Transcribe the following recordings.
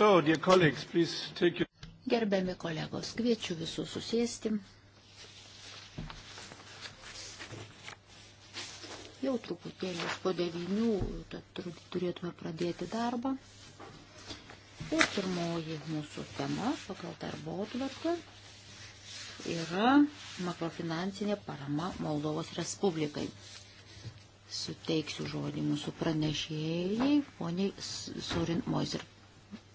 So, dear colleagues, please take your... Gerbiami kolegos, kviečiu visus susėsti. Jau truputėlį po devinių turėtume pradėti darbą. Ir pirmoji mūsų tema pagal darbo atvarką yra makrofinansinė parama Moldovos Respublikai. Suteiksiu žodį mūsų pranešėjai, poniai Surin Moiser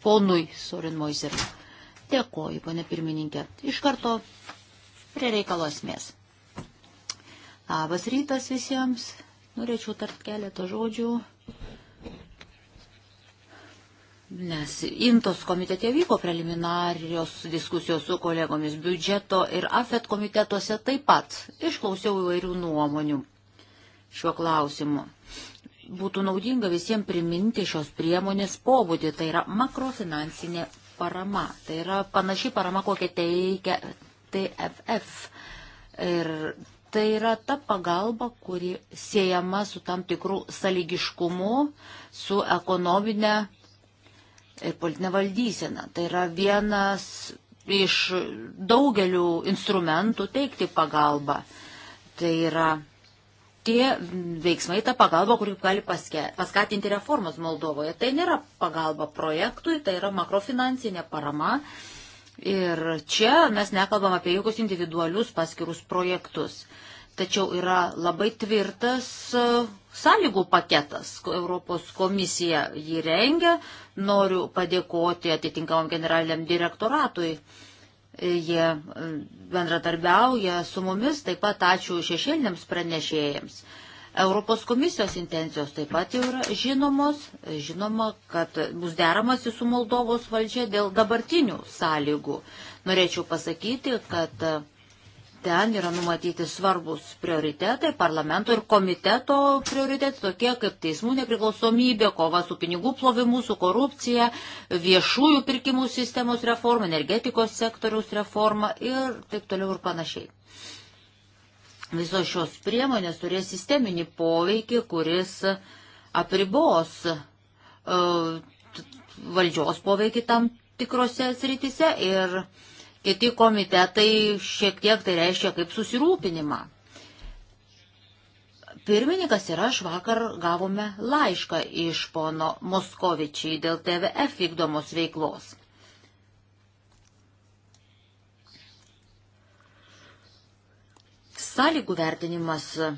ponui Sorinmoiseriu. Dėkoju, ponė pirmininkė. Iš karto prie reikalo esmės. Labas rytas visiems. Norėčiau tart keletą žodžių, nes Intos komitete vyko preliminarios diskusijos su kolegomis biudžeto ir AFET komitetuose taip pat. Išklausiau įvairių nuomonių šiuo klausimu būtų naudinga visiems priminti šios priemonės pobūdį, tai yra makrofinansinė parama, tai yra panaši parama, kokią teikia TFF. Ir tai yra ta pagalba, kuri siejama su tam tikrų sąlygiškumu, su ekonominė ir politinė valdysena. Tai yra vienas iš daugelių instrumentų teikti pagalbą. Tai yra tie veiksmai, ta pagalba, kuri gali paske, paskatinti reformas Moldovoje, tai nėra pagalba projektui, tai yra makrofinansinė parama. Ir čia mes nekalbam apie jokius individualius paskirus projektus. Tačiau yra labai tvirtas e, sąlygų paketas. Europos komisija jį rengia. Noriu padėkoti atitinkamam generaliniam direktoratui Jie e, bendradarbiauja su mumis, taip pat ačiū šešėliniams pranešėjams. Europos komisijos intencijos taip pat jau yra žinomos. Žinoma, kad bus deramasi su Moldovos valdžia dėl dabartinių sąlygų. Norėčiau pasakyti, kad Ten yra numatyti svarbus prioritetai, parlamento ir komiteto prioritetai, tokie kaip teismų nepriklausomybė, kova su pinigų plovimu, su korupcija, viešųjų pirkimų sistemos reforma, energetikos sektoriaus reforma ir taip toliau ir panašiai. Visos šios priemonės turės sisteminį poveikį, kuris apribos uh, valdžios poveikį tam tikrose sritise ir uh, Kiti komitetai šiek tiek tai reiškia kaip susirūpinimą. Pirmininkas ir aš vakar gavome laišką iš pono Moskovičiai dėl TVF vykdomos veiklos. Sąlygų vertinimas e,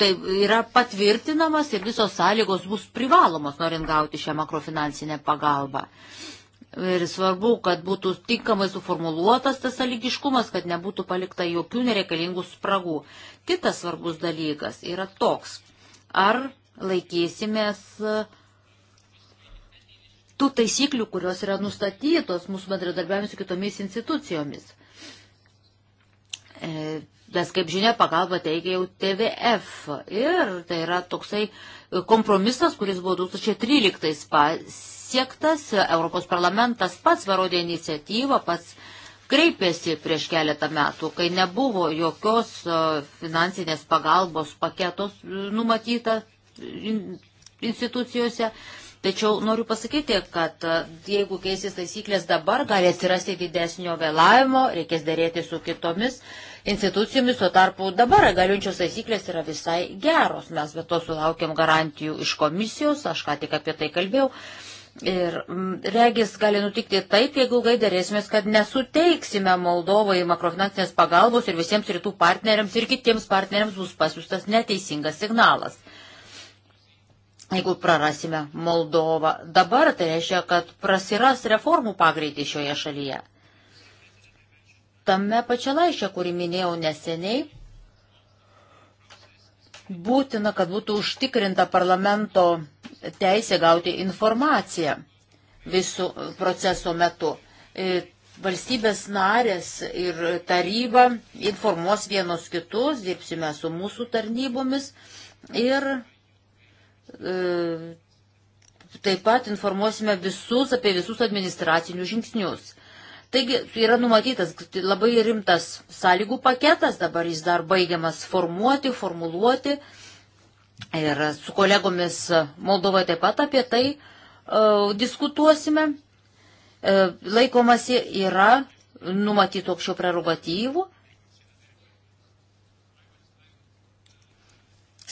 tai yra patvirtinamas ir visos sąlygos bus privalomos, norint gauti šią makrofinansinę pagalbą. Ir svarbu, kad būtų tinkamai suformuluotas tas sąlygiškumas, kad nebūtų palikta jokių nereikalingų spragų. Kitas svarbus dalykas yra toks. Ar laikysimės e, tų taisyklių, kurios yra nustatytos mūsų bendradarbiavimus su kitomis institucijomis? E, nes, kaip žinia, pagalba teikia jau TVF. Ir tai yra toksai kompromisas, kuris buvo 2013 pas pasiektas. Europos parlamentas pats parodė iniciatyvą, pats kreipėsi prieš keletą metų, kai nebuvo jokios e, finansinės pagalbos paketos e, numatyta institucijose. Tačiau noriu pasakyti, kad e, jeigu keisis taisyklės dabar, gali atsirasti didesnio vėlavimo, reikės dėrėti su kitomis institucijomis, o tarpu dabar galiunčios taisyklės yra visai geros. Mes be to sulaukėm garantijų iš komisijos, aš ką tik apie tai kalbėjau. Uh, Ir mm, regis gali nutikti taip, jeigu ilgai dėrėsimės, kad nesuteiksime Moldovai makrofinansinės pagalbos ir visiems rytų partneriams ir kitiems partneriams bus pasiūstas neteisingas signalas. Jeigu prarasime Moldovą dabar, tai reiškia, kad prasiras reformų pagreitį šioje šalyje. Tame pačia laiške, kurį minėjau neseniai, būtina, kad būtų užtikrinta parlamento teisė gauti informaciją visų proceso metu. E, valstybės narės ir taryba informuos vienos kitus, dirbsime su mūsų tarnybomis ir e, taip pat informuosime visus apie visus administracinius žingsnius. Taigi yra numatytas labai rimtas sąlygų paketas, dabar jis dar baigiamas formuoti, formuluoti. Ir su kolegomis Moldovoje taip pat apie tai e, diskutuosime. E, laikomasi yra numatytų aukščiau prerogatyvų.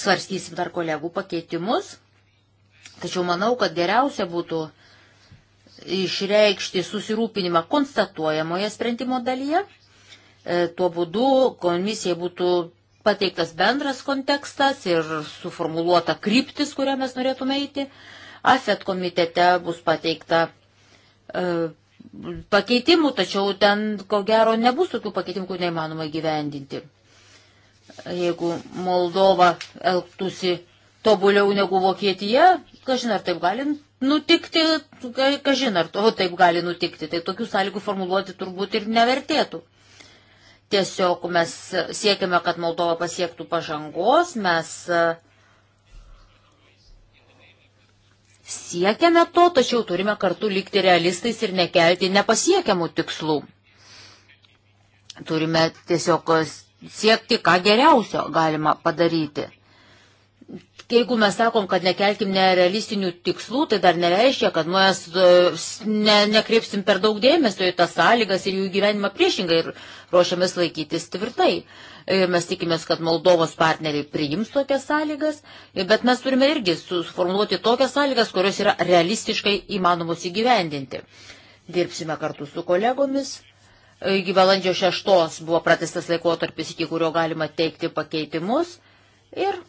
Svarstysim dar kolegų pakeitimus. Tačiau manau, kad geriausia būtų išreikšti susirūpinimą konstatuojamoje sprendimo dalyje. E, tuo būdu komisijai būtų pateiktas bendras kontekstas ir suformuluota kryptis, kurią mes norėtume eiti. AFET komitete bus pateikta e, pakeitimų, tačiau ten ko gero nebus tokių pakeitimų, kur neįmanoma įgyvendinti. Jeigu Moldova elgtųsi tobuliau negu Vokietija, kažin ar taip gali nutikti, kažin ar to taip gali nutikti, tai tokių sąlygų formuluoti turbūt ir nevertėtų. Tiesiog mes siekiame, kad Moldova pasiektų pažangos, mes siekiame to, tačiau turime kartu likti realistais ir nekelti nepasiekiamų tikslų. Turime tiesiog siekti, ką geriausio galima padaryti. Jeigu mes sakom, kad nekelkim nerealistinių tikslų, tai dar nereiškia, kad mes e, ne, nekreipsim per daug dėmesio į tas sąlygas ir jų gyvenimą priešingai ir ruošiamės laikytis tvirtai. Ir mes tikimės, kad Moldovos partneriai priims tokias sąlygas, bet mes turime irgi suformuoluoti tokias sąlygas, kurios yra realistiškai įmanomos įgyvendinti. Dirbsime kartu su kolegomis. Iki valandžio šeštos buvo pratestas laikotarpis, iki kurio galima teikti pakeitimus. Ir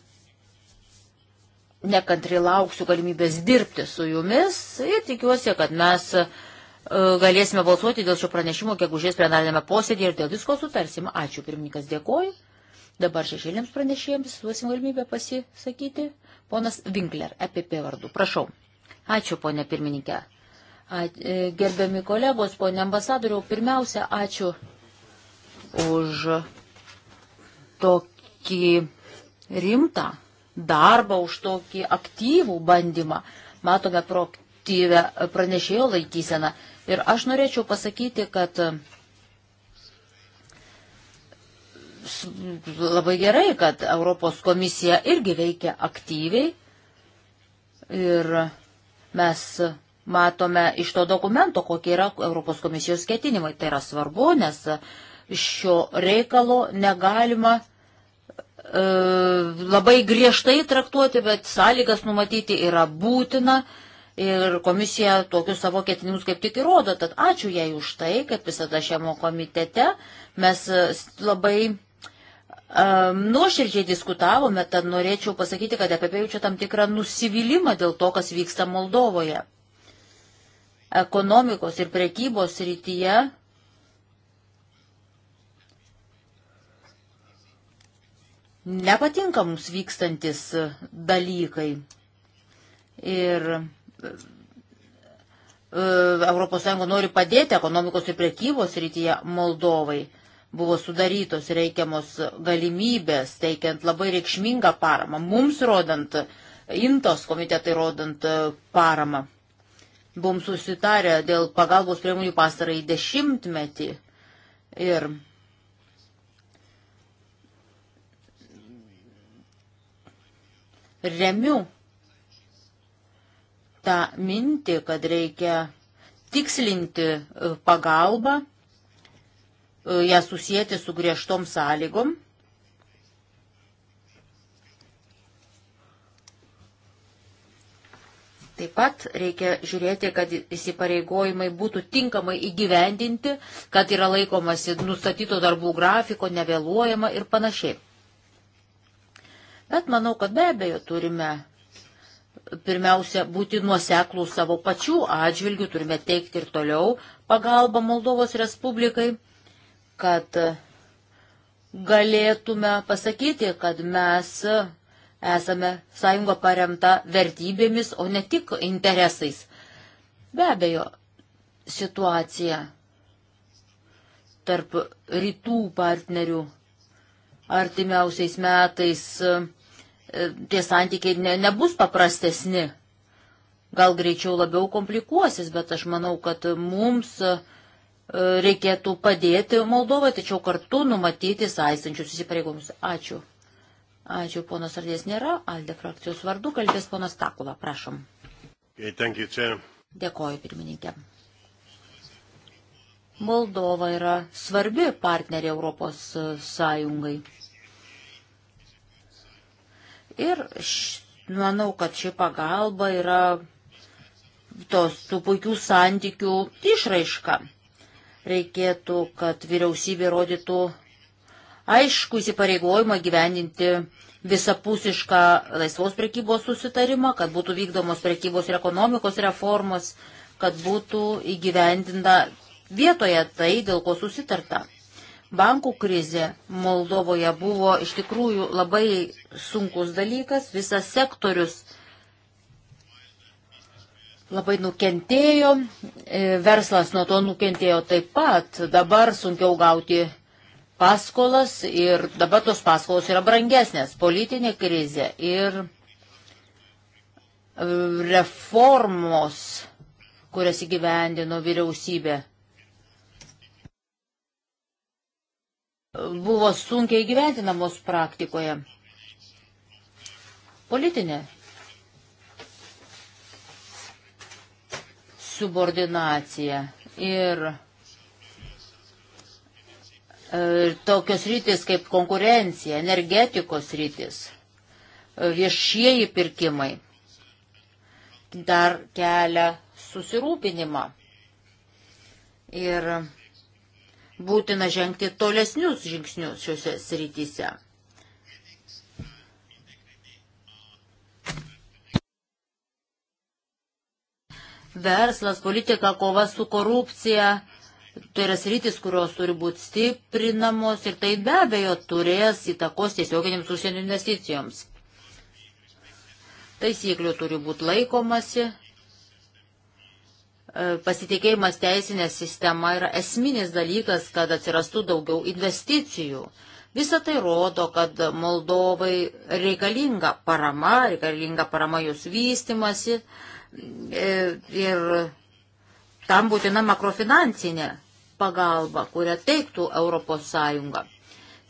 nekantri lauksiu galimybės dirbti su jumis ir tikiuosi, kad mes e, galėsime balsuoti dėl šio pranešimo gegužės plenarinėme posėdėje ir dėl visko sutarsim. Ačiū, pirmininkas, dėkoju. Dabar šešėlėms pranešėjams duosim galimybę pasisakyti. Ponas Winkler, EPP vardu. Prašau. Ačiū, ponė pirmininkė. E, gerbiami kolegos, ponė ambasadoriau, pirmiausia, ačiū už tokį rimtą darbą, už tokį aktyvų bandymą. Matome proaktyvę pranešėjo laikyseną. Ir aš norėčiau pasakyti, kad e, labai gerai, kad Europos komisija irgi veikia aktyviai. Ir mes matome iš to dokumento, kokie yra Europos komisijos ketinimai. Tai yra svarbu, nes šio reikalo negalima E, labai griežtai traktuoti, bet sąlygas numatyti yra būtina. Ir komisija tokius savo ketinimus kaip tik įrodo. Tad ačiū jai už tai, kad visada šiame komitete mes e, labai um, nuoširdžiai diskutavome. Tad norėčiau pasakyti, kad apie jaučiu tam tikrą nusivylimą dėl to, kas vyksta Moldovoje. Ekonomikos ir prekybos rytyje nepatinka mums vykstantis dalykai. Ir ES nori padėti ekonomikos ir prekybos rytyje Moldovai. Buvo sudarytos reikiamos galimybės, teikiant labai reikšmingą paramą, mums rodant, intos komitetai rodant paramą. Buvom susitarę dėl pagalbos priemonių pastarai dešimtmetį. Ir remiu tą mintį, kad reikia tikslinti e, pagalbą, e, ją susijęti su griežtom sąlygom. Taip pat reikia žiūrėti, kad įsipareigojimai būtų tinkamai įgyvendinti, kad yra laikomasi nustatyto darbų grafiko, nevėluojama ir panašiai. Bet manau, kad be abejo turime pirmiausia būti nuoseklų savo pačių atžvilgių, turime teikti ir toliau pagalbą Moldovos Respublikai, kad galėtume pasakyti, kad mes esame sąjunga paremta vertybėmis, o ne tik interesais. Be abejo, situacija tarp rytų partnerių artimiausiais metais E, tie santykiai ne, nebus paprastesni. Gal greičiau labiau komplikuosis, bet aš manau, kad mums e, reikėtų padėti Moldovai, tačiau kartu numatyti saistančius įsipareigomus. Ačiū. Ačiū, ponas Ardės nėra. Alde frakcijos vardu kalbės ponas Takula. Prašom. Okay, Dėkoju, pirmininkė. Moldova yra svarbi partnerė Europos Sąjungai. Ir manau, kad ši pagalba yra tos tų puikių santykių išraiška. Reikėtų, kad vyriausybė rodytų aišku įsipareigojimą gyvendinti visapusišką laisvos prekybos susitarimą, kad būtų vykdomos prekybos ir ekonomikos reformos, kad būtų įgyvendinta vietoje tai, dėl ko susitarta. Bankų krizė Moldovoje buvo iš tikrųjų labai sunkus dalykas, visas sektorius labai nukentėjo, e, verslas nuo to nukentėjo taip pat, dabar sunkiau gauti paskolas ir dabar tos paskolos yra brangesnės, politinė krizė ir e, reformos, kurias įgyvendino vyriausybė buvo sunkiai gyventinamos praktikoje. Politinė subordinacija ir, ir e, tokios rytis kaip konkurencija, energetikos rytis, e, viešieji pirkimai dar kelia susirūpinimą. Ir būtina žengti tolesnius žingsnius šiuose srityse. Verslas, politika, kova su korupcija, tai yra sritis, kurios turi būti stiprinamos ir tai be abejo turės įtakos tiesioginėms užsienio investicijoms. Taisyklių turi būti laikomasi E, pasitikėjimas teisinė sistema yra esminis dalykas, kad atsirastų daugiau investicijų. Visą tai rodo, kad Moldovai reikalinga parama, reikalinga parama jos vystimasi e, ir tam būtina makrofinansinė pagalba, kurią teiktų Europos Sąjunga.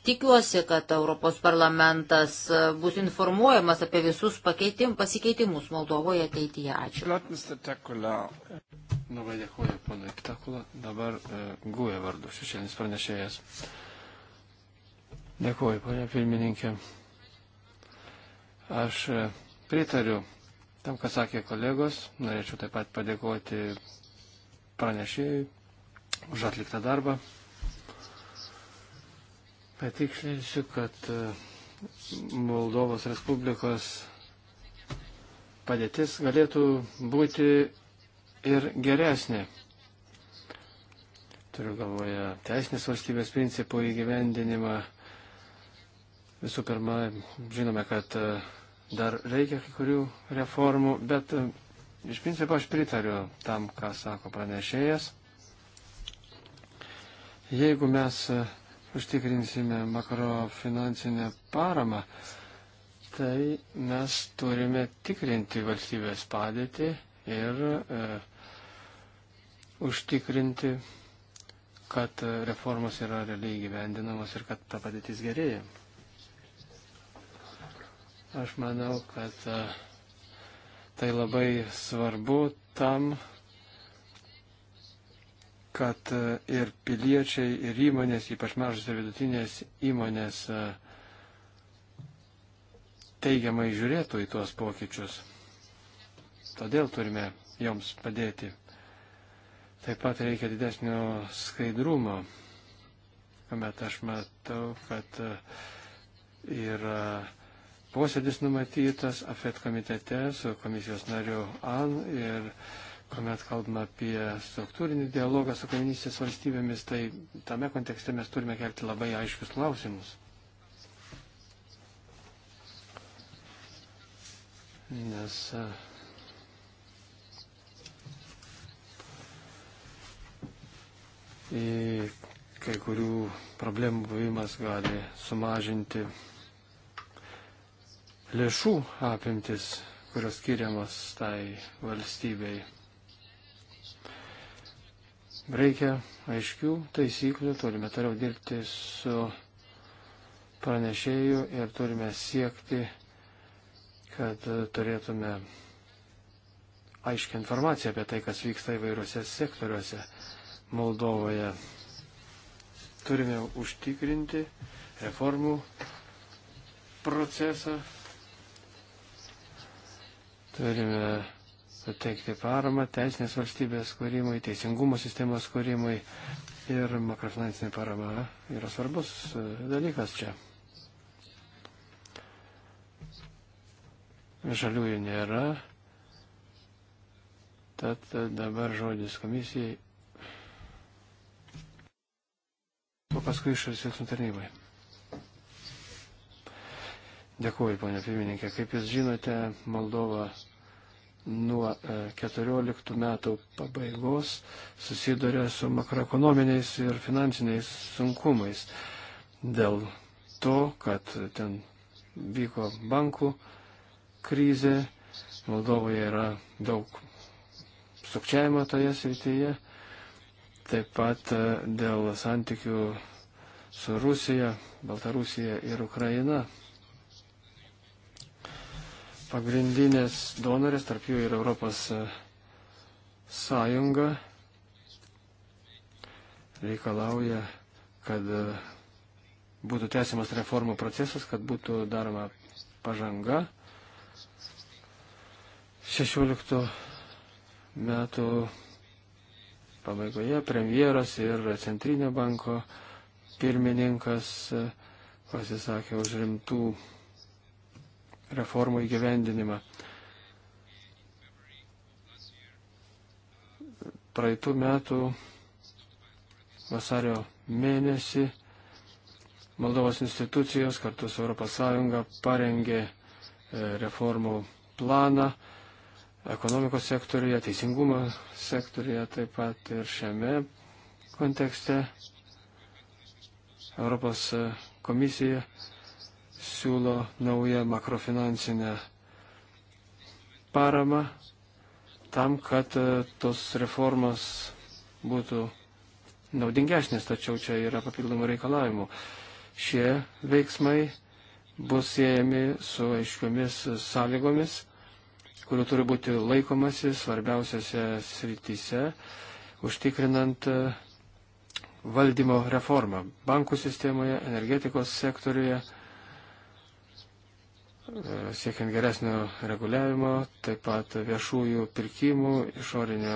Tikiuosi, kad Europos parlamentas e, bus informuojamas apie visus pakeitim, pasikeitimus Moldovoje ateityje. Ačiū. Labai dėkuoju, ponai Takula. Dabar e, Gūja vardu, šešėlis pranešėjas. Dėkuoju, ponia pirmininkė. Aš e, pritariu tam, ką sakė kolegos. Norėčiau taip pat padėkoti pranešėjui už atliktą darbą. Patikslinsiu, kad e, Moldovos Respublikos padėtis galėtų būti ir geresnė. Turiu galvoje teisinės valstybės principų įgyvendinimą. Visų pirma, žinome, kad e, dar reikia kai kurių reformų, bet e, iš principo aš pritariu tam, ką sako pranešėjas. Jeigu mes užtikrinsime makrofinansinę paramą, tai mes turime tikrinti valstybės padėtį ir e, užtikrinti, kad reformos yra realiai gyvendinamos ir kad ta padėtis gerėja. Aš manau, kad e, tai labai svarbu tam, kad e, ir piliečiai, ir įmonės, ypač mažos ir vidutinės įmonės e, teigiamai žiūrėtų į tuos pokyčius. Todėl turime joms padėti. Taip pat reikia didesnio skaidrumo, kuomet aš matau, kad e, yra posėdis numatytas AFET komitete su komisijos nariu An ir uh, kuomet kalbame apie struktūrinį dialogą su kaiminystės valstybėmis, tai tame kontekste mes turime kelti labai aiškius klausimus. Nes e, į kai kurių problemų buvimas gali sumažinti lėšų apimtis, kurios skiriamas tai valstybei. Reikia aiškių taisyklių, turime toliau dirbti su pranešėjų ir turime siekti, kad turėtume aiškę informaciją apie tai, kas vyksta įvairiuose sektoriuose Moldovoje. Turime užtikrinti reformų procesą. Turime teikti paramą teisinės valstybės kūrimui, teisingumo sistemos kūrimui ir makrofinansinė parama yra svarbus e, dalykas čia. Žaliųjų nėra, tad dabar žodis komisijai, o paskui išorės veiksmų tarnybai. Dėkuoju, ponia pirmininkė. Kaip jūs žinote, Moldova nuo 14 e, metų pabaigos susiduria su makroekonominiais ir finansiniais sunkumais dėl to, kad ten vyko bankų krizė, Moldovoje yra daug sukčiavimo toje srityje, taip pat e, dėl santykių su Rusija, Baltarusija ir Ukraina pagrindinės donorės, tarp jų ir Europos e, sąjunga, reikalauja, kad e, būtų tęsiamas reformų procesas, kad būtų daroma pažanga. 16 metų pabaigoje premjeras ir Centrinio banko pirmininkas e, pasisakė už rimtų reformų įgyvendinimą. Praeitų metų vasario mėnesį Moldovos institucijos kartu su ES parengė e, reformų planą ekonomikos sektoriuje, teisingumo sektoriuje, taip pat ir šiame kontekste Europos e, komisija siūlo naują makrofinansinę paramą tam, kad e, tos reformos būtų naudingesnės, tačiau čia yra papildomų reikalavimų. Šie veiksmai bus siejami su aiškiomis sąlygomis, kurių turi būti laikomasi svarbiausiose srityse, užtikrinant e, valdymo reformą bankų sistemoje, energetikos sektoriuje E, siekiant geresnio reguliavimo, taip pat viešųjų pirkimų, išorinio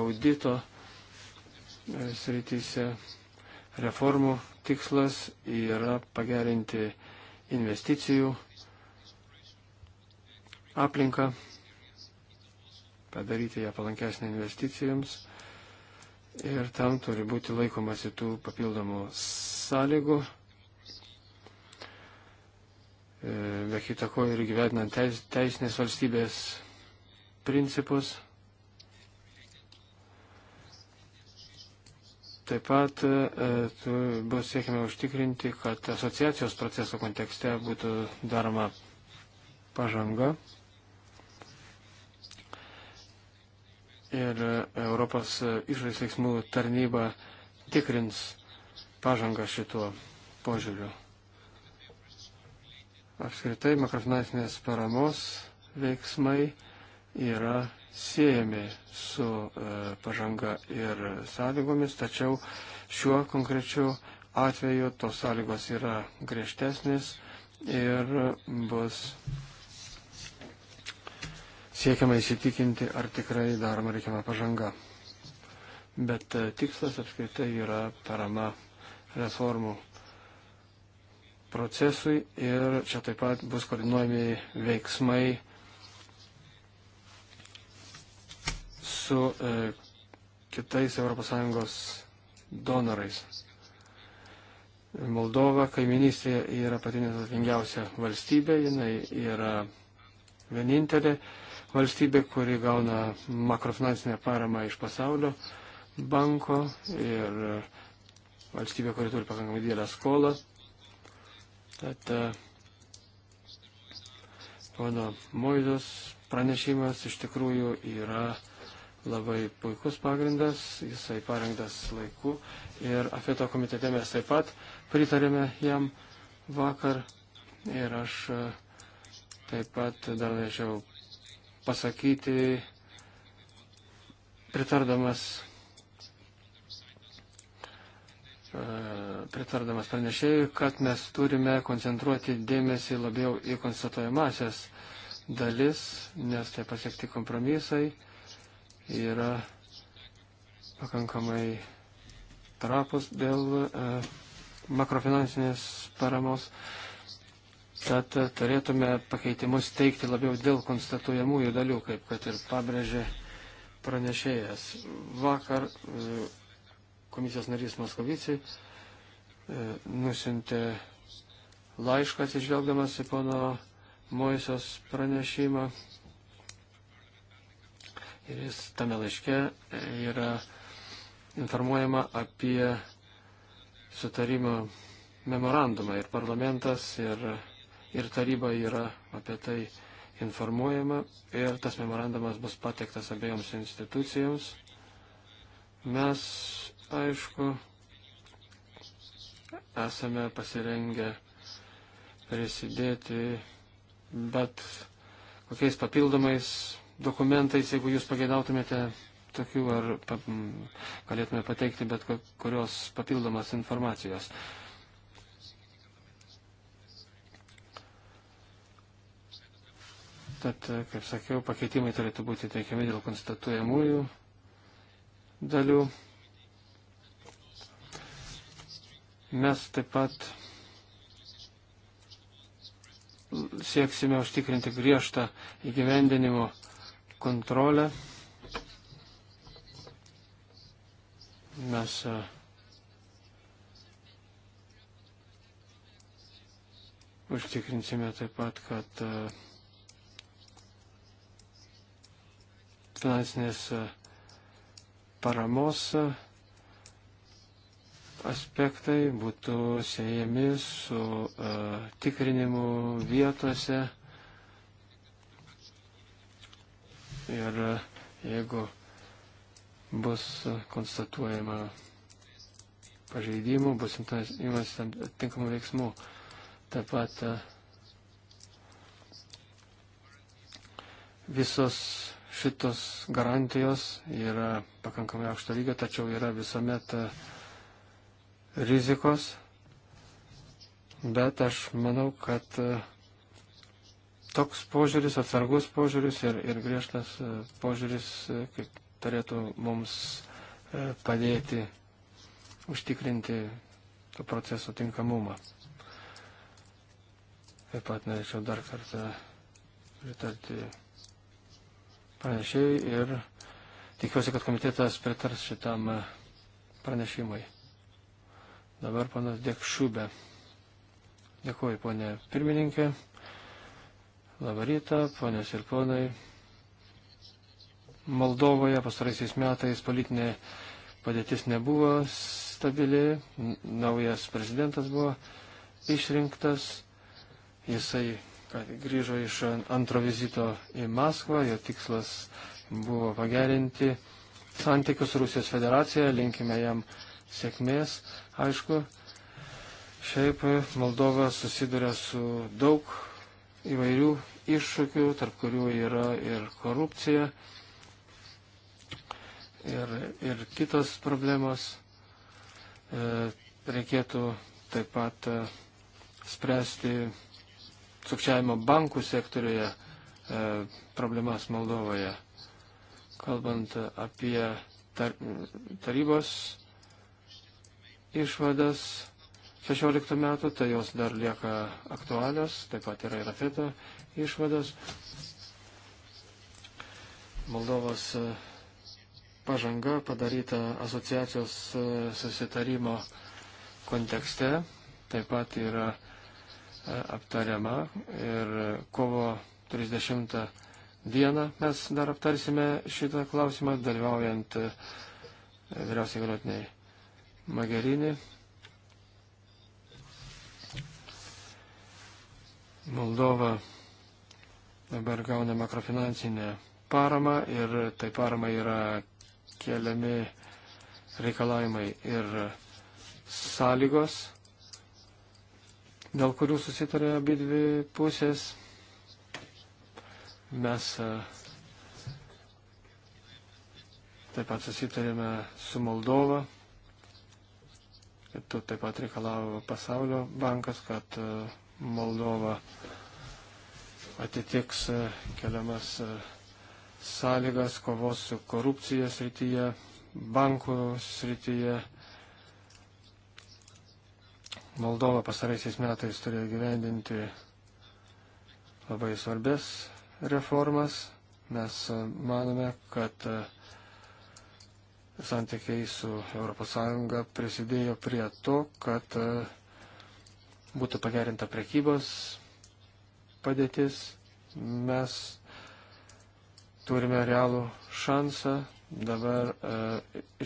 audito e, srityse. Reformų tikslas yra pagerinti investicijų aplinką, padaryti ją palankesnį investicijoms ir tam turi būti laikomasi tų papildomų sąlygų E, be kitako ir gyvenant teis, teisinės valstybės principus. Taip pat e, bus siekime užtikrinti, kad asociacijos proceso kontekste būtų daroma pažanga. Ir Europos išorės veiksmų tarnyba tikrins pažangą šituo požiūriu apskritai makrofinansinės paramos veiksmai yra siejami su e, pažanga ir sąlygomis, tačiau šiuo konkrečiu atveju tos sąlygos yra griežtesnės ir bus siekiama įsitikinti, ar tikrai daroma reikiama pažanga. Bet e, tikslas apskritai yra parama reformų procesui ir čia taip pat bus koordinuojami veiksmai su e, kitais ES donorais. Moldova kaiminystėje yra pati nesatvingiausia valstybė, jinai yra vienintelė valstybė, kuri gauna makrofinansinę paramą iš pasaulio banko ir valstybė, kuri turi pakankamai didelę skolą. Tad e, pono Moidos pranešimas iš tikrųjų yra labai puikus pagrindas, jisai parengtas laiku ir afeto komitete mes taip pat pritarėme jam vakar ir aš e, taip pat dar norėčiau pasakyti, pritardamas E, pritardamas pranešėjui, kad mes turime koncentruoti dėmesį labiau į konstatuojamasias dalis, nes tai pasiekti kompromisai yra pakankamai trapus dėl e, makrofinansinės paramos. Tad turėtume pakeitimus teikti labiau dėl konstatuojamųjų dalių, kaip kad ir pabrėžė pranešėjas. Vakar e, komisijos narys Moskovicijai e, nusintė laišką atsižvelgdamas į pono Moisos pranešimą. Ir jis tame laiške e, yra informuojama apie sutarimo memorandumą ir parlamentas ir, ir taryba yra apie tai informuojama ir tas memorandumas bus pateiktas abiejoms institucijoms. Mes aišku, esame pasirengę prisidėti, bet kokiais papildomais dokumentais, jeigu jūs pageidautumėte tokių ar pa, galėtume pateikti bet kurios papildomas informacijos. Tad, kaip sakiau, pakeitimai turėtų būti teikiami dėl konstatuojamųjų dalių. Mes taip pat sieksime užtikrinti griežtą įgyvendinimo kontrolę. Mes e, užtikrinsime taip pat, kad e, finansinės e, paramos aspektai būtų siejami su uh, tikrinimu vietose. Ir e, jeigu bus konstatuojama pažeidimų, bus imas tinkamų veiksmų. Taip pat uh, visos šitos garantijos yra pakankamai aukšto lygio, tačiau yra visuomet uh, rizikos, bet aš manau, kad e, toks požiūris, atsargus požiūris ir, ir griežtas e, požiūris e, kaip turėtų mums padėti užtikrinti to proceso tinkamumą. Taip pat norėčiau dar kartą pritarti pranešėjai ir tikiuosi, kad komitetas pritars šitam pranešimui. Dabar panas Dekšubė. Dėkuoju, ponė pirmininkė. Labarytą, ponės ir ponai. Moldovoje pastaraisiais metais politinė padėtis nebuvo stabili, naujas prezidentas buvo išrinktas, jisai grįžo iš antro vizito į Maskvą, jo tikslas buvo pagerinti santykius Rusijos federaciją, linkime jam sėkmės. Aišku, šiaip Moldova susiduria su daug įvairių iššūkių, tarp kurių yra ir korupcija, ir, ir kitos problemos. E, reikėtų taip pat e, spręsti sukčiavimo bankų sektoriuje e, problemas Moldovoje. Kalbant apie tarybos išvadas 16 metų, tai jos dar lieka aktualios, taip pat yra ir afeto išvados. Moldovos e, pažanga padaryta asociacijos e, susitarimo kontekste, taip pat yra e, aptariama ir kovo 30 dieną mes dar aptarsime šitą klausimą, dalyvaujant vyriausiai galotiniai Magerinį. Moldova dabar gauna makrofinansinę paramą ir tai parama yra keliami reikalavimai ir sąlygos, dėl kurių susitarė abi dvi pusės. Mes e, taip pat susitarėme su Moldova To taip pat reikalavo pasaulio bankas, kad e, Moldova atitiks e, keliamas e, sąlygas kovos su korupcija srityje, bankų srityje. Moldova pasaraisiais metais turėjo gyvendinti labai svarbės reformas. Mes manome, kad santykiai su ES prisidėjo prie to, kad e, būtų pagerinta prekybos padėtis. Mes turime realų šansą dabar e,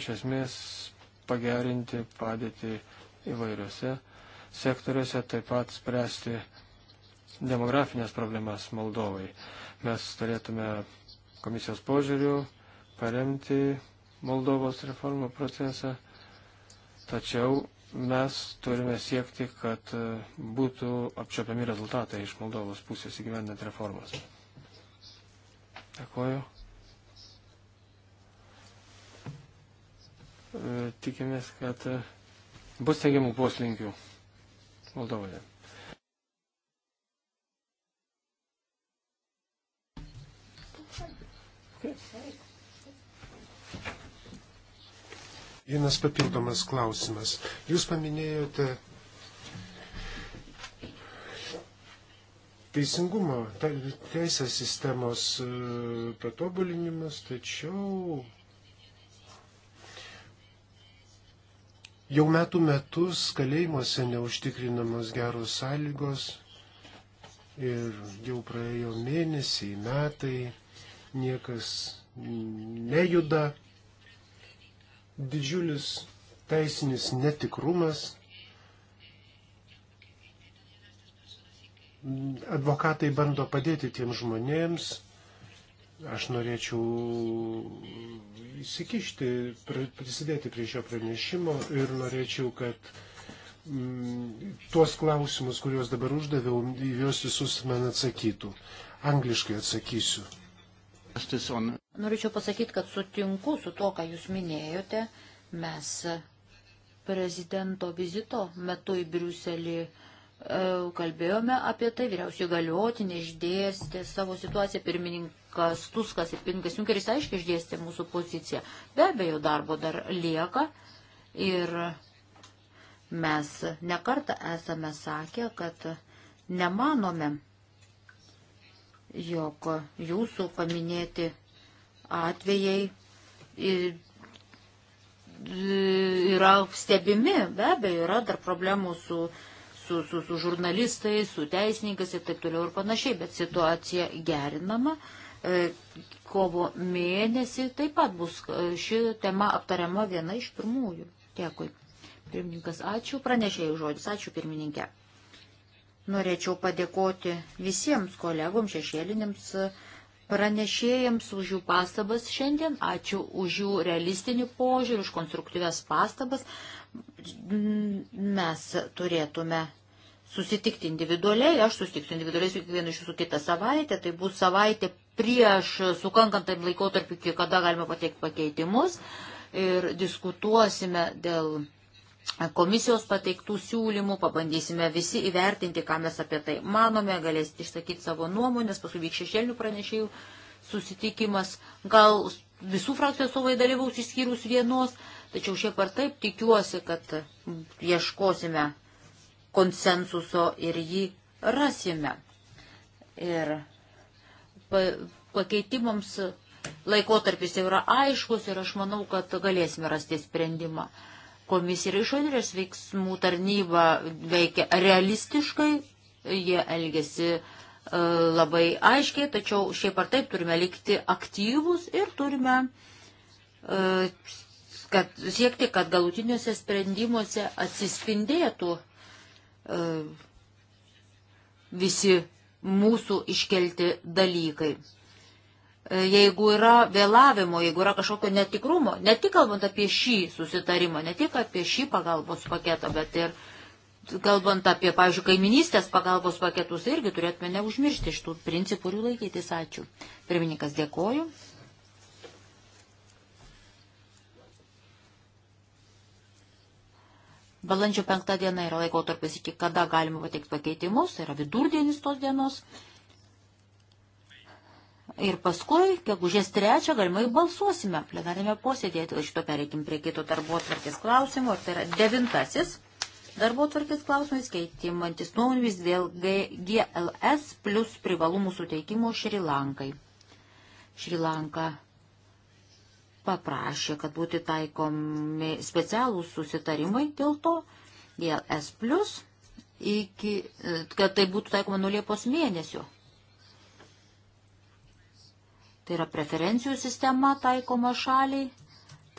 iš esmės pagerinti padėtį įvairiuose sektoriuose, taip pat spręsti demografinės problemas Moldovai. Mes turėtume komisijos požiūrių paremti Moldovos reformų procesą, tačiau mes turime siekti, kad e, būtų apčiopiami rezultatai iš Moldovos pusės įgyvendant reformas. Dėkuoju. E, tikimės, kad e, bus teigiamų poslinkių Moldovoje. Okay. Vienas papildomas klausimas. Jūs paminėjote teisingumo, teisės sistemos e, patobulinimas, tačiau jau metų metus kalėjimuose neužtikrinamos geros sąlygos ir jau praėjo mėnesiai, metai, niekas nejuda didžiulis teisinis netikrumas. Advokatai bando padėti tiem žmonėms. Aš norėčiau įsikišti, prisidėti prie šio pranešimo ir norėčiau, kad mm, tuos klausimus, kuriuos dabar uždaviau, juos visus man atsakytų. Angliškai atsakysiu. Norėčiau pasakyti, kad sutinku su to, ką jūs minėjote. Mes prezidento vizito metu į Briuselį e, kalbėjome apie tai, vyriausiai galiotinė išdėstė savo situaciją, pirmininkas Tuskas ir pirmininkas Junkeris aiškiai išdėstė mūsų poziciją. Be abejo, darbo dar lieka ir mes nekartą esame sakę, kad nemanome, jog jūsų paminėti atvejai yra stebimi, be abejo, yra dar problemų su, su, su, su žurnalistais, su teisininkais ir taip toliau ir panašiai, bet situacija gerinama. E, kovo mėnesį taip pat bus e, ši tema aptariama viena iš pirmųjų. Dėkui. Pirmininkas, ačiū. Pranešėjų žodis, ačiū pirmininkė. Norėčiau padėkoti visiems kolegoms, šešėlinėms pranešėjams už jų pastabas šiandien, ačiū už jų realistinį požiūrį, už konstruktyves pastabas. Mes turėtume susitikti individualiai, aš susitiksiu individualiai su kiekvienu iš jūsų kitą savaitę, tai bus savaitė prieš sukankant tam laikotarpį, kada galima pateikti pakeitimus ir diskutuosime dėl komisijos pateiktų siūlymų, pabandysime visi įvertinti, ką mes apie tai manome, galėsite išsakyti savo nuomonės, paskui vyks šešėlinių pranešėjų susitikimas, gal visų frakcijų atstovai dalyvaus išskyrus vienos, tačiau šiaip ar taip tikiuosi, kad ieškosime konsensuso ir jį rasime. Ir pakeitimams laikotarpis jau yra aiškus ir aš manau, kad galėsime rasti sprendimą. Komisija ir išorės veiksmų tarnyba veikia realistiškai, jie elgesi e, labai aiškiai, tačiau šiaip ar taip turime likti aktyvus ir turime e, kad siekti, kad galutiniuose sprendimuose atsispindėtų e, visi mūsų iškelti dalykai. E, jeigu yra vėlavimo, jeigu yra kažkokio netikrumo, ne tik kalbant apie šį susitarimą, ne tik apie šį pagalbos paketą, bet ir kalbant apie, pavyzdžiui, kaiminystės pagalbos paketus, tai irgi turėtume neužmiršti šitų principų ir jų laikytis. Ačiū. Pirmininkas, dėkoju. Balandžio penktą dieną yra laikotarpis, iki kada galima pateikti pakeitimus, tai yra vidurdienis tos dienos. Ir paskui, gegužės trečią, galimai balsuosime plenarinėme posėdėje. Tai iš to pereikim prie kito darbo tvarkės klausimo. Ir tai yra devintasis darbo tvarkės klausimas, keitimantis nuomonėmis dėl GLS plus privalumų suteikimo Šrilankai. Šrilanka paprašė, kad būtų taikomi specialūs susitarimai dėl to GLS plus, iki, kad tai būtų taikoma nuo Liepos mėnesio. Tai yra preferencijų sistema taikoma šaliai,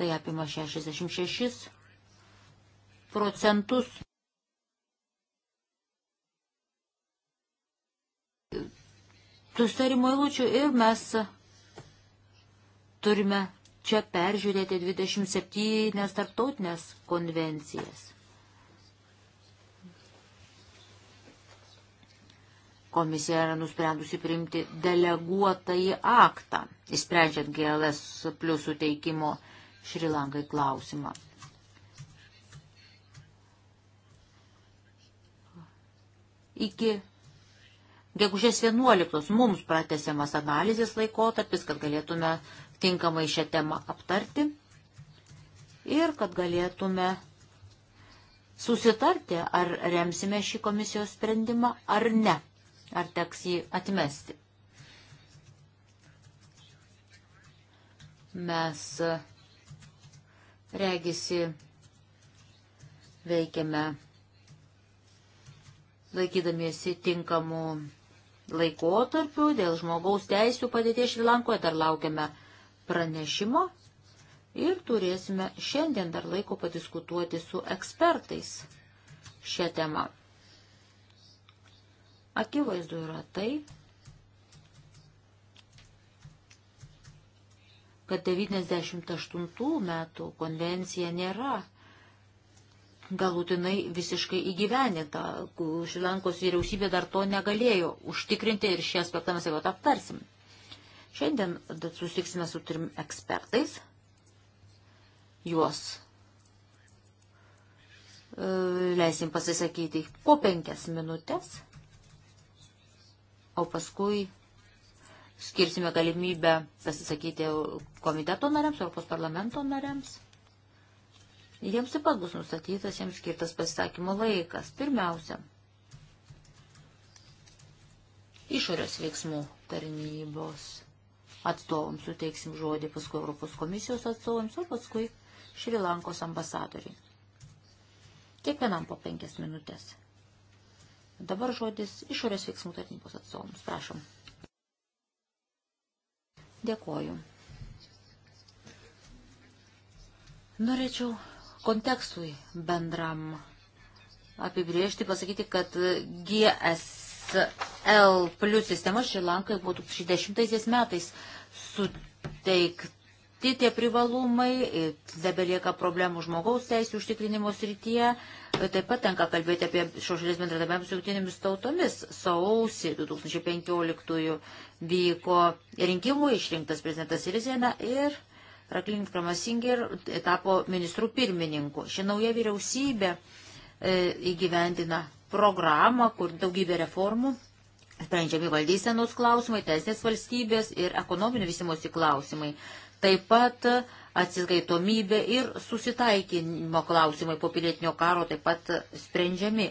tai apima 66 procentus. Sustarimo eilučių ir mes turime čia peržiūrėti 27 tarptautinės konvencijas. Komisija yra nusprendusi priimti deleguotąjį aktą, įsprendžiant GLS plus suteikimo Šrilankai klausimą. Iki gegužės 11 mums pratesiamas analizės laikotarpis, kad galėtume tinkamai šią temą aptarti ir kad galėtume susitarti, ar remsime šį komisijos sprendimą ar ne. Ar teks jį atmesti? Mes regisi veikiame laikydamiesi tinkamų laikotarpių dėl žmogaus teisų padėties Švilankoje. Dar laukiame pranešimo ir turėsime šiandien dar laiko padiskutuoti su ekspertais šią temą. Akivaizdu yra tai, kad 98 metų konvencija nėra galutinai visiškai įgyveninta. Šrilankos vyriausybė dar to negalėjo užtikrinti ir šį aspektą mes jau aptarsim. Šiandien susitiksime su trim ekspertais. Juos e, leisim pasisakyti po penkias minutės o paskui skirsime galimybę pasisakyti komiteto nariams, Europos parlamento nariams. Jiems taip pat bus nustatytas jiems skirtas pasisakymo laikas. Pirmiausia, išorės veiksmų tarnybos atstovams suteiksim žodį, paskui Europos komisijos atstovams, o paskui Šrilankos ambasadoriai. Kiekvienam po penkias minutės. Dabar žodis išorės veiksmų tarnybos atstovams. Prašom. Dėkoju. Norėčiau kontekstui bendram apibriežti, pasakyti, kad GSL plus sistema Šilankai buvo 2010 metais suteikti tie privalumai, debelieka problemų žmogaus teisų užtikrinimo srityje. Taip pat tenka kalbėti apie šios šalies bendradarbiavimą su jungtinėmis tautomis. Sausį 2015 vyko rinkimų išrinktas prezidentas Rizėna ir Raklin Kramasinger tapo ministrų pirmininku. Ši nauja vyriausybė e, įgyvendina programą, kur daugybė reformų, sprendžiami valdysenos klausimai, teisinės valstybės ir ekonominio visimosi klausimai. Taip pat uh, Atsiskaitomybė ir susitaikinimo klausimai po pilietinio karo taip pat sprendžiami.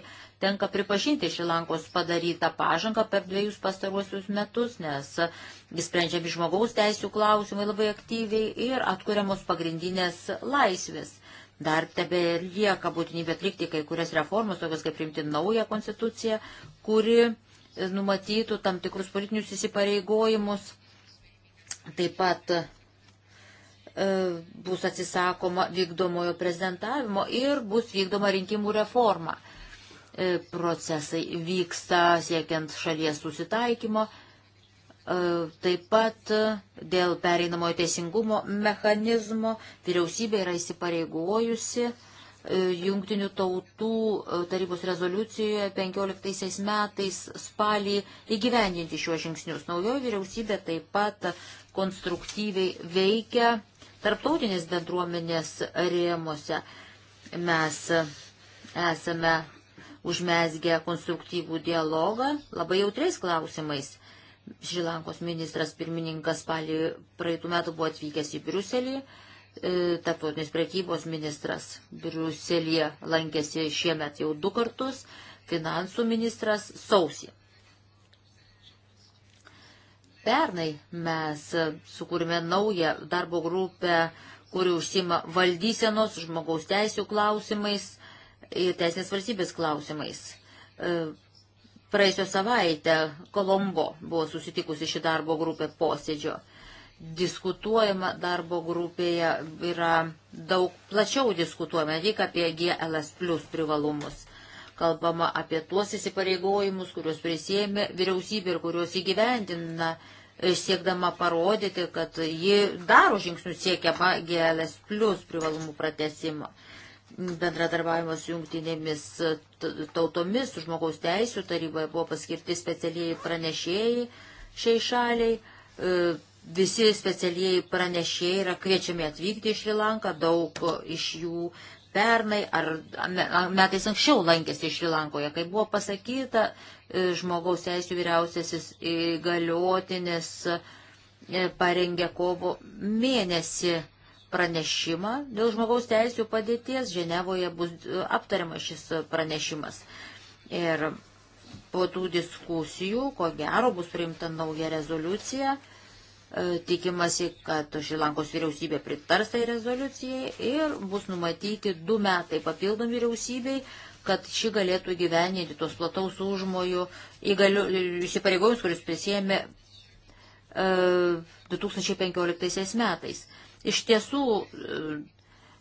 Tenka pripažinti Šilankos padarytą pažangą per dviejus pastaruosius metus, nes sprendžiami žmogaus teisų klausimai labai aktyviai ir atkuriamos pagrindinės laisvės dar tebe lieka būtinybė atlikti kai kurias reformas, tokias kaip priimti naują konstituciją, kuri numatytų tam tikrus politinius įsipareigojimus. Taip pat E, bus atsisakoma vykdomojo prezidentavimo ir bus vykdoma rinkimų reforma. E, procesai vyksta siekiant šalies susitaikymo. E, taip pat dėl pereinamojo teisingumo mechanizmo vyriausybė yra įsipareigojusi Jungtinių tautų tarybos rezoliucijoje 15 metais spalį įgyvendinti šiuos žingsnius. Naujoji vyriausybė taip pat konstruktyviai veikia tarptautinės bendruomenės rėmose mes esame užmesgę konstruktyvų dialogą labai jautriais klausimais. Šilankos ministras pirmininkas spalį praeitų metų buvo atvykęs į Briuselį, e, tarptautinės prekybos ministras Briuselėje lankėsi šiemet jau du kartus, finansų ministras sausį. Pernai mes sukūrėme naują darbo grupę, kuri užsima valdysenos, žmogaus teisų klausimais ir teisinės valstybės klausimais. E, praėjusią savaitę Kolombo buvo susitikusi ši darbo grupė posėdžio. Diskutuojama darbo grupėje yra daug plačiau diskutuojama, ne tik apie GLS plus privalumus kalbama apie tuos įsipareigojimus, kuriuos prisėmė vyriausybė ir kuriuos įgyvendina, e, siekdama parodyti, kad ji daro žingsnius siekiama GLS plus privalumų pratesimo bendradarbiavimas su jungtinėmis tautomis, su žmogaus teisų taryboje buvo paskirti specialiai pranešėjai šiai šaliai. E, visi specialiai pranešėjai yra kviečiami atvykti į Šrilanką, daug iš jų pernai ar metais anksčiau lankėsi Šrilankoje, kai buvo pasakyta e, žmogaus teisų vyriausiasis įgaliotinis e, parengė kovo mėnesį pranešimą dėl žmogaus teisų padėties. Ženevoje bus e, aptariamas šis pranešimas. Ir po tų diskusijų, ko gero, bus priimta nauja rezoliucija E, tikimasi, kad Šilankos vyriausybė pritars tai rezoliucijai ir bus numatyti du metai papildom vyriausybei, kad ši galėtų gyveninti tos plataus užmojų įsipareigojimus, kuris prisėmė e, 2015 metais. Iš tiesų,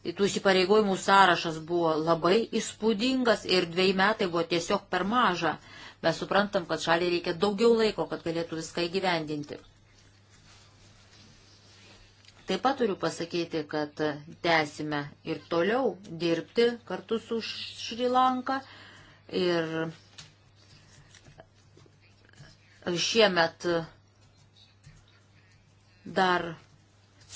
e, tų įsipareigojimų sąrašas buvo labai įspūdingas ir dviejai metai buvo tiesiog per maža. Mes suprantam, kad šaliai reikia daugiau laiko, kad galėtų viską įgyvendinti. Taip pat turiu pasakyti, kad tęsime ir toliau dirbti kartu su Šrilanka ir šiemet dar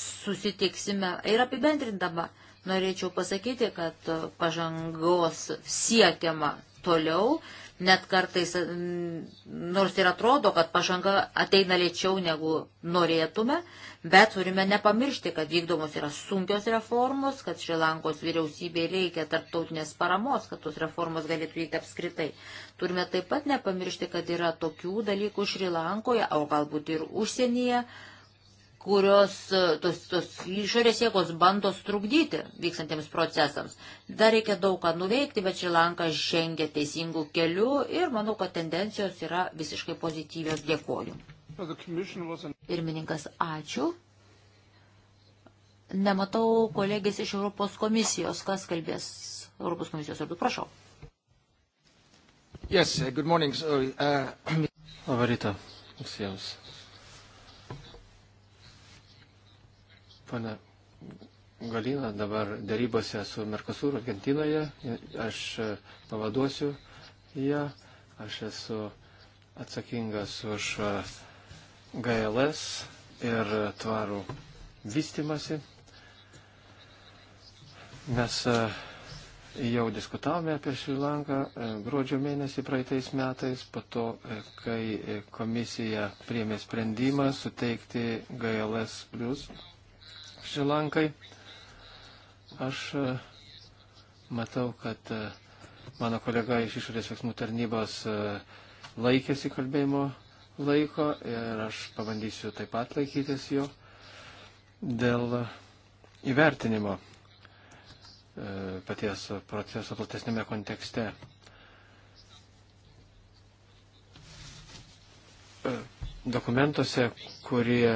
susitiksime ir apibendrindama norėčiau pasakyti, kad pažangos siekiama toliau Net kartais, mm, nors ir atrodo, kad pažanga ateina lėčiau negu norėtume, bet turime nepamiršti, kad vykdomos yra sunkios reformos, kad Šrilankos vyriausybei reikia tarptautinės paramos, kad tos reformos galėtų vykti apskritai. Turime taip pat nepamiršti, kad yra tokių dalykų Šrilankoje, o galbūt ir užsienyje, kurios e, tos, tos išorės jėgos bando trukdyti vykstantiems procesams. Dar reikia daug ką nuveikti, bet Šilanka žengia teisingų kelių ir manau, kad tendencijos yra visiškai pozityvios. Dėkoju. Pirmininkas, ačiū. Nematau kolegės iš Europos komisijos, kas kalbės Europos komisijos vardu. Prašau. Yes, good morning. Sorry. Uh, Labą rytą visiems. Pana Galina, dabar darybose su Merkosūru Argentinoje, aš e, pavaduosiu ją, aš esu atsakingas už e, GLS ir tvarų vystimasi. Mes e, jau diskutavome apie Šrilanką gruodžio mėnesį praeitais metais, po to, kai komisija priemė sprendimą suteikti GLS plus Šilankai. Aš e, matau, kad e, mano kolega iš išorės veiksmų tarnybos e, laikėsi kalbėjimo laiko ir aš pabandysiu taip pat laikytis jo dėl įvertinimo paties proceso platesnėme kontekste. Dokumentuose, kurie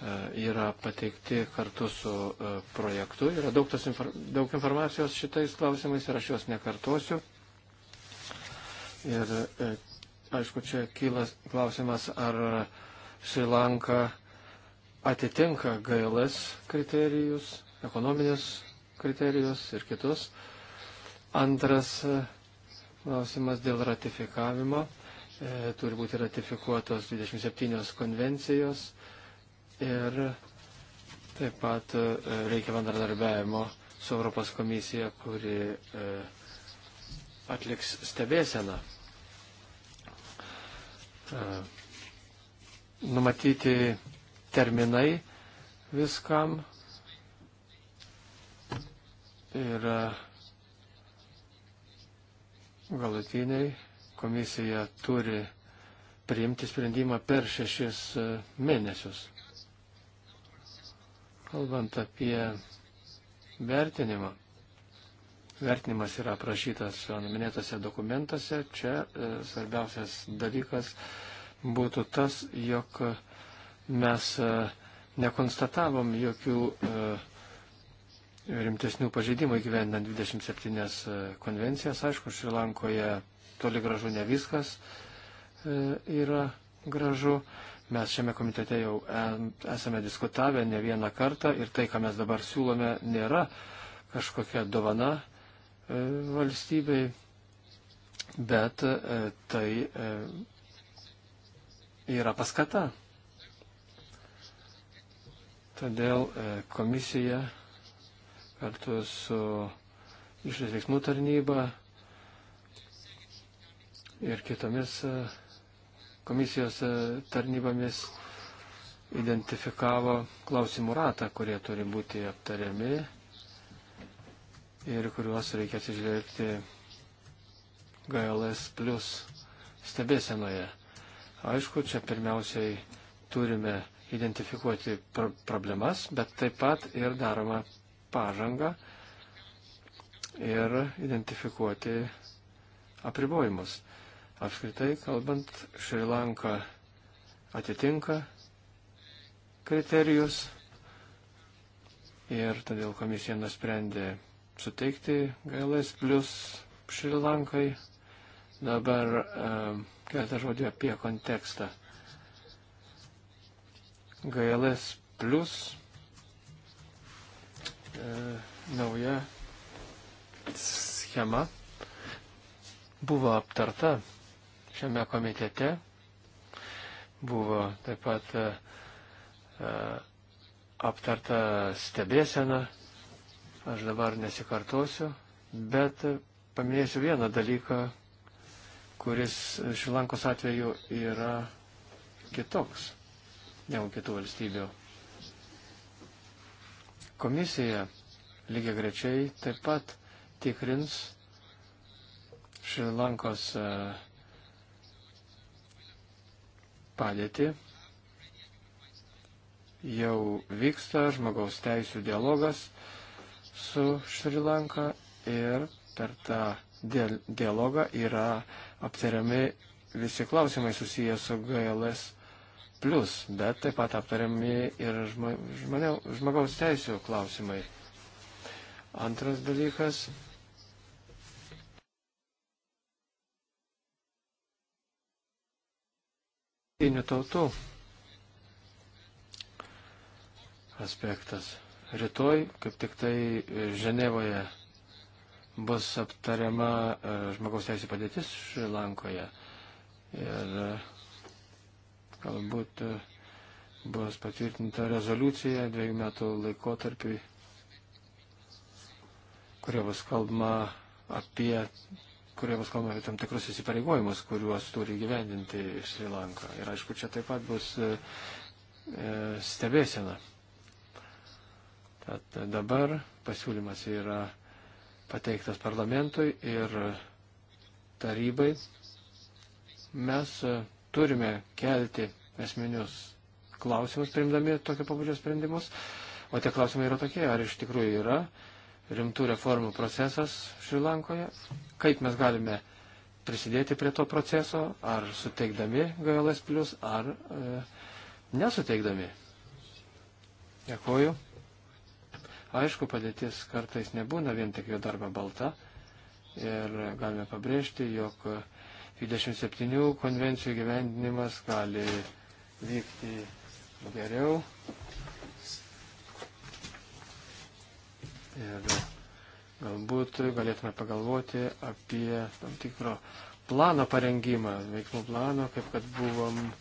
E, yra pateikti kartu su e, projektu. Yra daug, tos, daug informacijos šitais klausimais ir aš juos nekartosiu. Ir e, aišku, čia kylas klausimas, ar Šilanka atitinka GLS kriterijus, ekonominius kriterijus ir kitus. Antras klausimas dėl ratifikavimo. E, turi būti ratifikuotos 27 konvencijos. E, ir taip pat e, reikia bendradarbiavimo su Europos komisija, kuri e, atliks stebėseną. E, numatyti terminai viskam ir galutiniai komisija turi priimti sprendimą per šešis mėnesius. Kalbant apie vertinimą, vertinimas yra aprašytas minėtose dokumentuose. Čia e, svarbiausias dalykas būtų tas, jog mes e, nekonstatavom jokių e, rimtesnių pažeidimų įgyvendinant 27 e, konvencijas. Aišku, Šrilankoje toli gražu ne viskas e, yra gražu. E, Mes šiame komitete jau esame diskutavę ne vieną kartą ir tai, ką mes dabar siūlome, nėra kažkokia dovana e, valstybei, bet e, tai e, yra paskata. Todėl komisija kartu su išlės veiksmų tarnyba ir kitomis komisijos e, tarnybomis identifikavo klausimų ratą, kurie turi būti aptariami ir kuriuos reikia atsižvelgti GLS plus stebėsenoje. Aišku, čia pirmiausiai turime identifikuoti pr problemas, bet taip pat ir daroma pažanga ir identifikuoti apribojimus. Apskritai kalbant, Šri Lanka atitinka kriterijus ir todėl komisija nusprendė suteikti GLS plus Šri Lankai. Dabar e, keletą žodžių apie kontekstą. GLS plus e, nauja schema buvo aptarta šiame komitete. Buvo taip pat e, e, aptarta stebėsena. Aš dabar nesikartosiu, bet paminėsiu vieną dalyką, kuris Šilankos atveju yra kitoks negu kitų valstybių. Komisija lygiai grečiai taip pat tikrins Šrilankos uh, e, padėtį. Jau vyksta žmogaus teisų dialogas su Šrilanka ir per tą dialogą yra aptariami visi klausimai susiję su GLS plus, bet taip pat aptariami ir žmo, žmonė, žmogaus teisų klausimai. Antras dalykas jungtinių tautų aspektas. Rytoj, kaip tik tai Ženevoje, bus aptariama e, žmogaus teisų padėtis Šrilankoje. Ir e, galbūt e, bus patvirtinta rezoliucija dviejų metų laikotarpiui, kurio bus kalbama apie kurioje bus kalbama apie tam tikrus įsipareigojimus, kuriuos turi gyvendinti Šri Lanka. Ir aišku, čia taip pat bus e, e, stebėsena. Tad dabar pasiūlymas yra pateiktas parlamentui ir tarybai. Mes e, turime kelti esminius klausimus, priimdami tokio pabudžio sprendimus. O tie klausimai yra tokie, ar iš tikrųjų yra rimtų reformų procesas Šrilankoje, kaip mes galime prisidėti prie to proceso, ar suteikdami GLS plus, ar e, nesuteikdami. Dėkuoju. Aišku, padėtis kartais nebūna vien tik jo darba balta ir galime pabrėžti, jog 27 konvencijų gyvendinimas gali vykti geriau Ir galbūt galėtume pagalvoti apie tam tikro plano parengimą, veiksmų plano, kaip kad buvom e,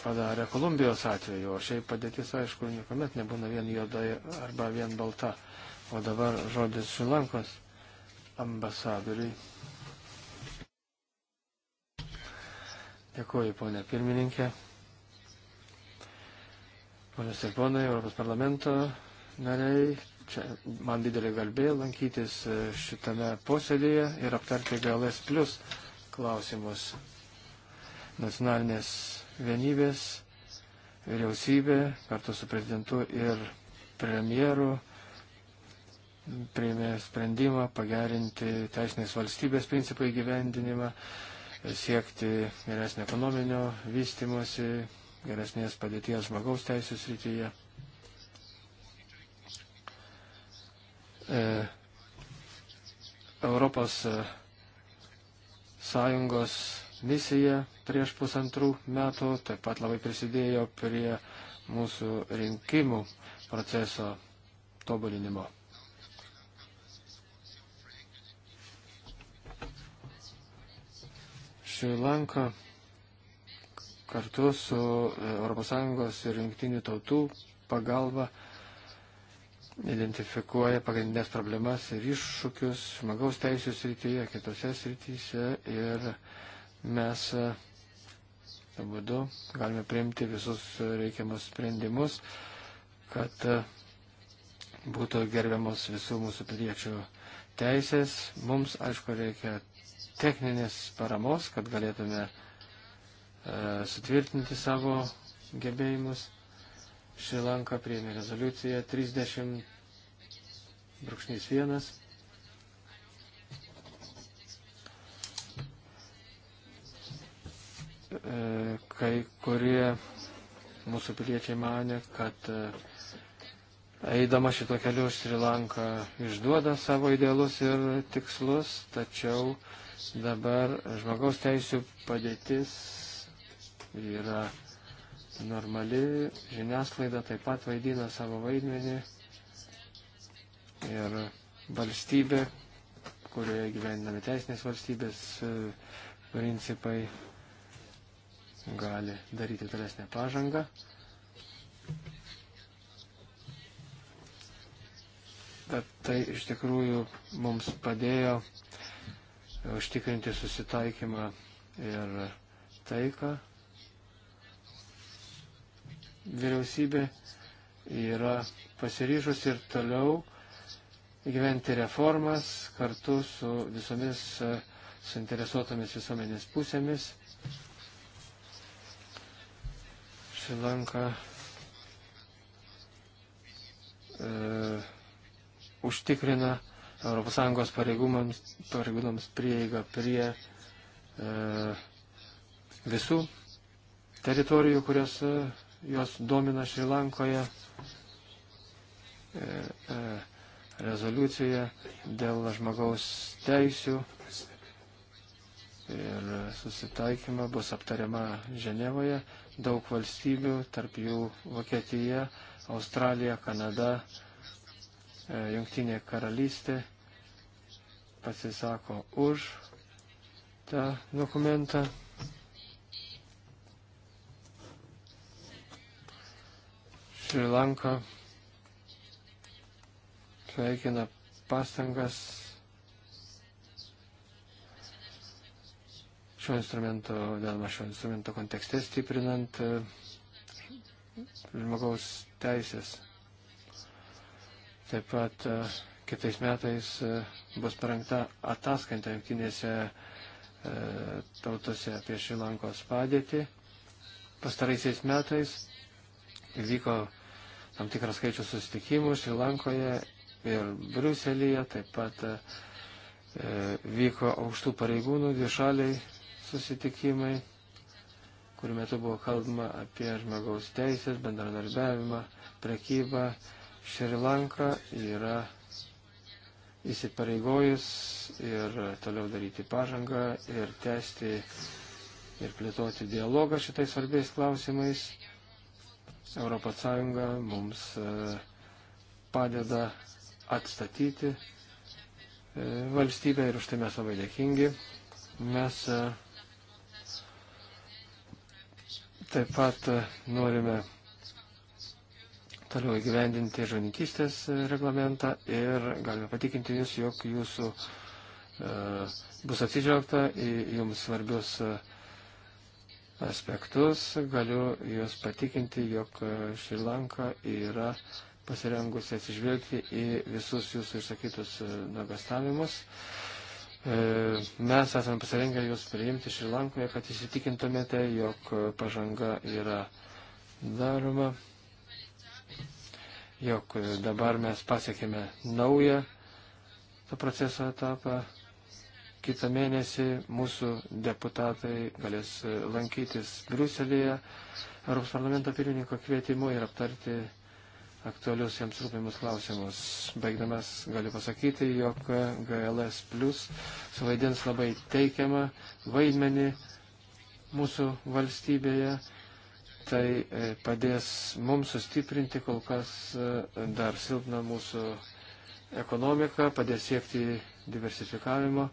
padarę Kolumbijos atveju. O šiaip padėtis, aišku, niekuomet nebūna vien juoda arba vien balta. O dabar žodis Šilankos ambasadoriui. Dėkuoju, ponė pirmininkė. Ponios ir ponai, Europos parlamento nariai, čia man didelė garbė lankytis e, šitame posėdėje ir aptarti GLS plus klausimus. Nacionalinės vienybės, vyriausybė kartu su prezidentu ir premjeru priėmė sprendimą pagerinti teisinės valstybės principų įgyvendinimą, siekti geresnio ekonominio vystimosi, geresnės padėties žmogaus teisės rytyje. E, Europos e, Sąjungos misija prieš pusantrų metų, taip pat labai prisidėjo prie mūsų rinkimų proceso tobulinimo. Šrilanka kartu su ES ir jungtinių tautų pagalba identifikuoja pagrindinės problemas ir iššūkius žmogaus teisų srityje, kitose srityse ir mes e, tą būdu galime priimti visus reikiamus sprendimus, kad e, būtų gerbiamos visų mūsų piliečių teisės. Mums, aišku, reikia techninės paramos, kad galėtume e, sutvirtinti savo gebėjimus. Šrilanka priėmė rezoliuciją 30.1. E, kai kurie mūsų piliečiai mane, kad e, eidama šito keliu Šrilanka išduoda savo idealus ir tikslus, tačiau dabar žmogaus teisų padėtis yra normali žiniasklaida taip pat vaidina savo vaidmenį ir valstybė, kurioje gyvendami teisinės valstybės e, principai gali daryti tolesnę pažangą. Bet tai iš tikrųjų mums padėjo užtikrinti susitaikymą ir taiką vyriausybė yra pasiryžus ir toliau gyventi reformas kartu su visomis e, suinteresuotomis visuomenės pusėmis. Šilanka e, užtikrina ES pareigūnams prieigą prie e, visų teritorijų, kurios e, juos domina Šrilankoje e, rezoliucija dėl žmogaus teisių ir susitaikymą bus aptariama Ženevoje. Daug valstybių, tarp jų Vokietija, Australija, Kanada, e, Jungtinė karalystė pasisako už tą dokumentą. Šrilanka sveikina pastangas šio instrumento, galima šio instrumento kontekste stiprinant e, žmogaus teisės. Taip pat e, kitais metais e, bus parengta ataskaita jungtinėse tautose apie Šilankos padėtį. Pastaraisiais metais vyko tam tikrą skaičių susitikimų Šilankoje ir Briuselėje, taip pat e, vyko aukštų pareigūnų dvišaliai susitikimai, kuriuo metu buvo kalbama apie žmogaus teisės, bendradarbiavimą, prekybą. Šrilanka yra įsipareigojus ir toliau daryti pažangą ir tęsti ir plėtoti dialogą šitais svarbiais klausimais. ES mums e, padeda atstatyti e, valstybę ir už tai mes labai dėkingi. Mes e, taip pat norime toliau įgyvendinti žanikystės reglamentą ir galime patikinti jūs, jog jūsų bus atsižvelgta į jums svarbius uh, aspektus, galiu Jūs patikinti, jog Šrilanka yra pasirengusi atsižvelgti į visus Jūsų išsakytus e, nuogastavimus. E, mes esame pasirengę Jūs priimti Šrilankoje, kad įsitikintumėte, jog pažanga yra daroma, jog dabar mes pasiekėme naują to proceso etapą Kita mėnesį mūsų deputatai galės e, lankytis Briuselėje Europos parlamento pirmininko kvietimu ir aptarti aktualius jiems rūpimus klausimus. Baigdamas galiu pasakyti, jog GLS Plus suvaidins labai teikiamą vaidmenį mūsų valstybėje. Tai e, padės mums sustiprinti kol kas e, dar silpną mūsų ekonomiką, padės siekti diversifikavimo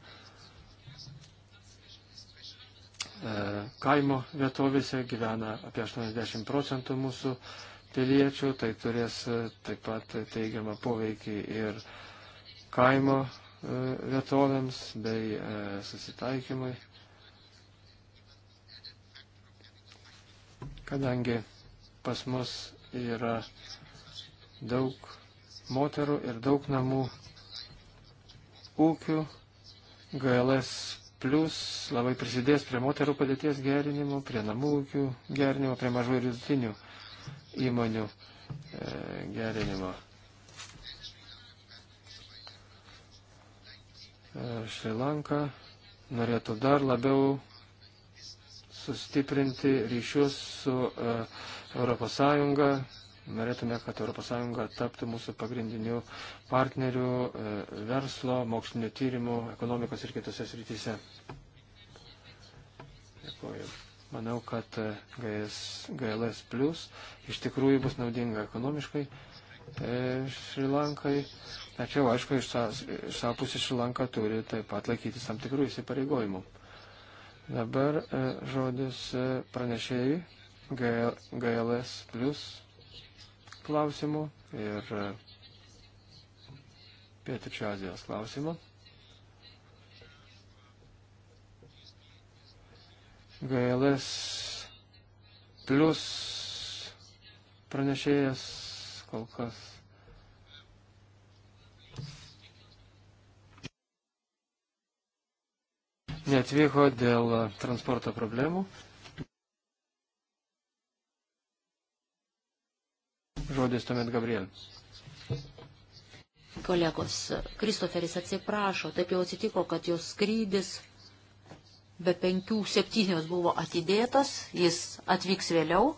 E, kaimo vietovėse gyvena apie 80 procentų mūsų piliečių, tai turės e, taip pat teigiamą poveikį ir kaimo e, vietovėms bei susitaikymai. Kadangi pas mus yra daug moterų ir daug namų ūkių, GLS plus labai prisidės prie moterų padėties gerinimo, prie namų ūkių gerinimo, prie mažų ir vidutinių įmonių e, gerinimo. E, Šrilanka norėtų dar labiau sustiprinti ryšius su ES Norėtume, kad ES taptų mūsų pagrindiniu partneriu e, verslo, mokslinio tyrimų, ekonomikos ir kitose srityse. Dėkuoju. Manau, kad e, GS, GLS Plus iš tikrųjų bus naudinga ekonomiškai e, Šrilankai. Tačiau, aišku, iš savo pusės Šrilanka turi taip pat laikytis tam tikrų įsipareigojimų. Dabar žodis pranešėjai GLS Plus klausimų ir e, Pietričio Azijos klausimų. GLS plus pranešėjas kol kas. Neatvyko dėl transporto problemų. Žodis tuomet Gabriel. Kolegos, Kristoferis atsiprašo, taip jau atsitiko, kad jos skrydis be penkių septynios buvo atidėtas, jis atvyks vėliau,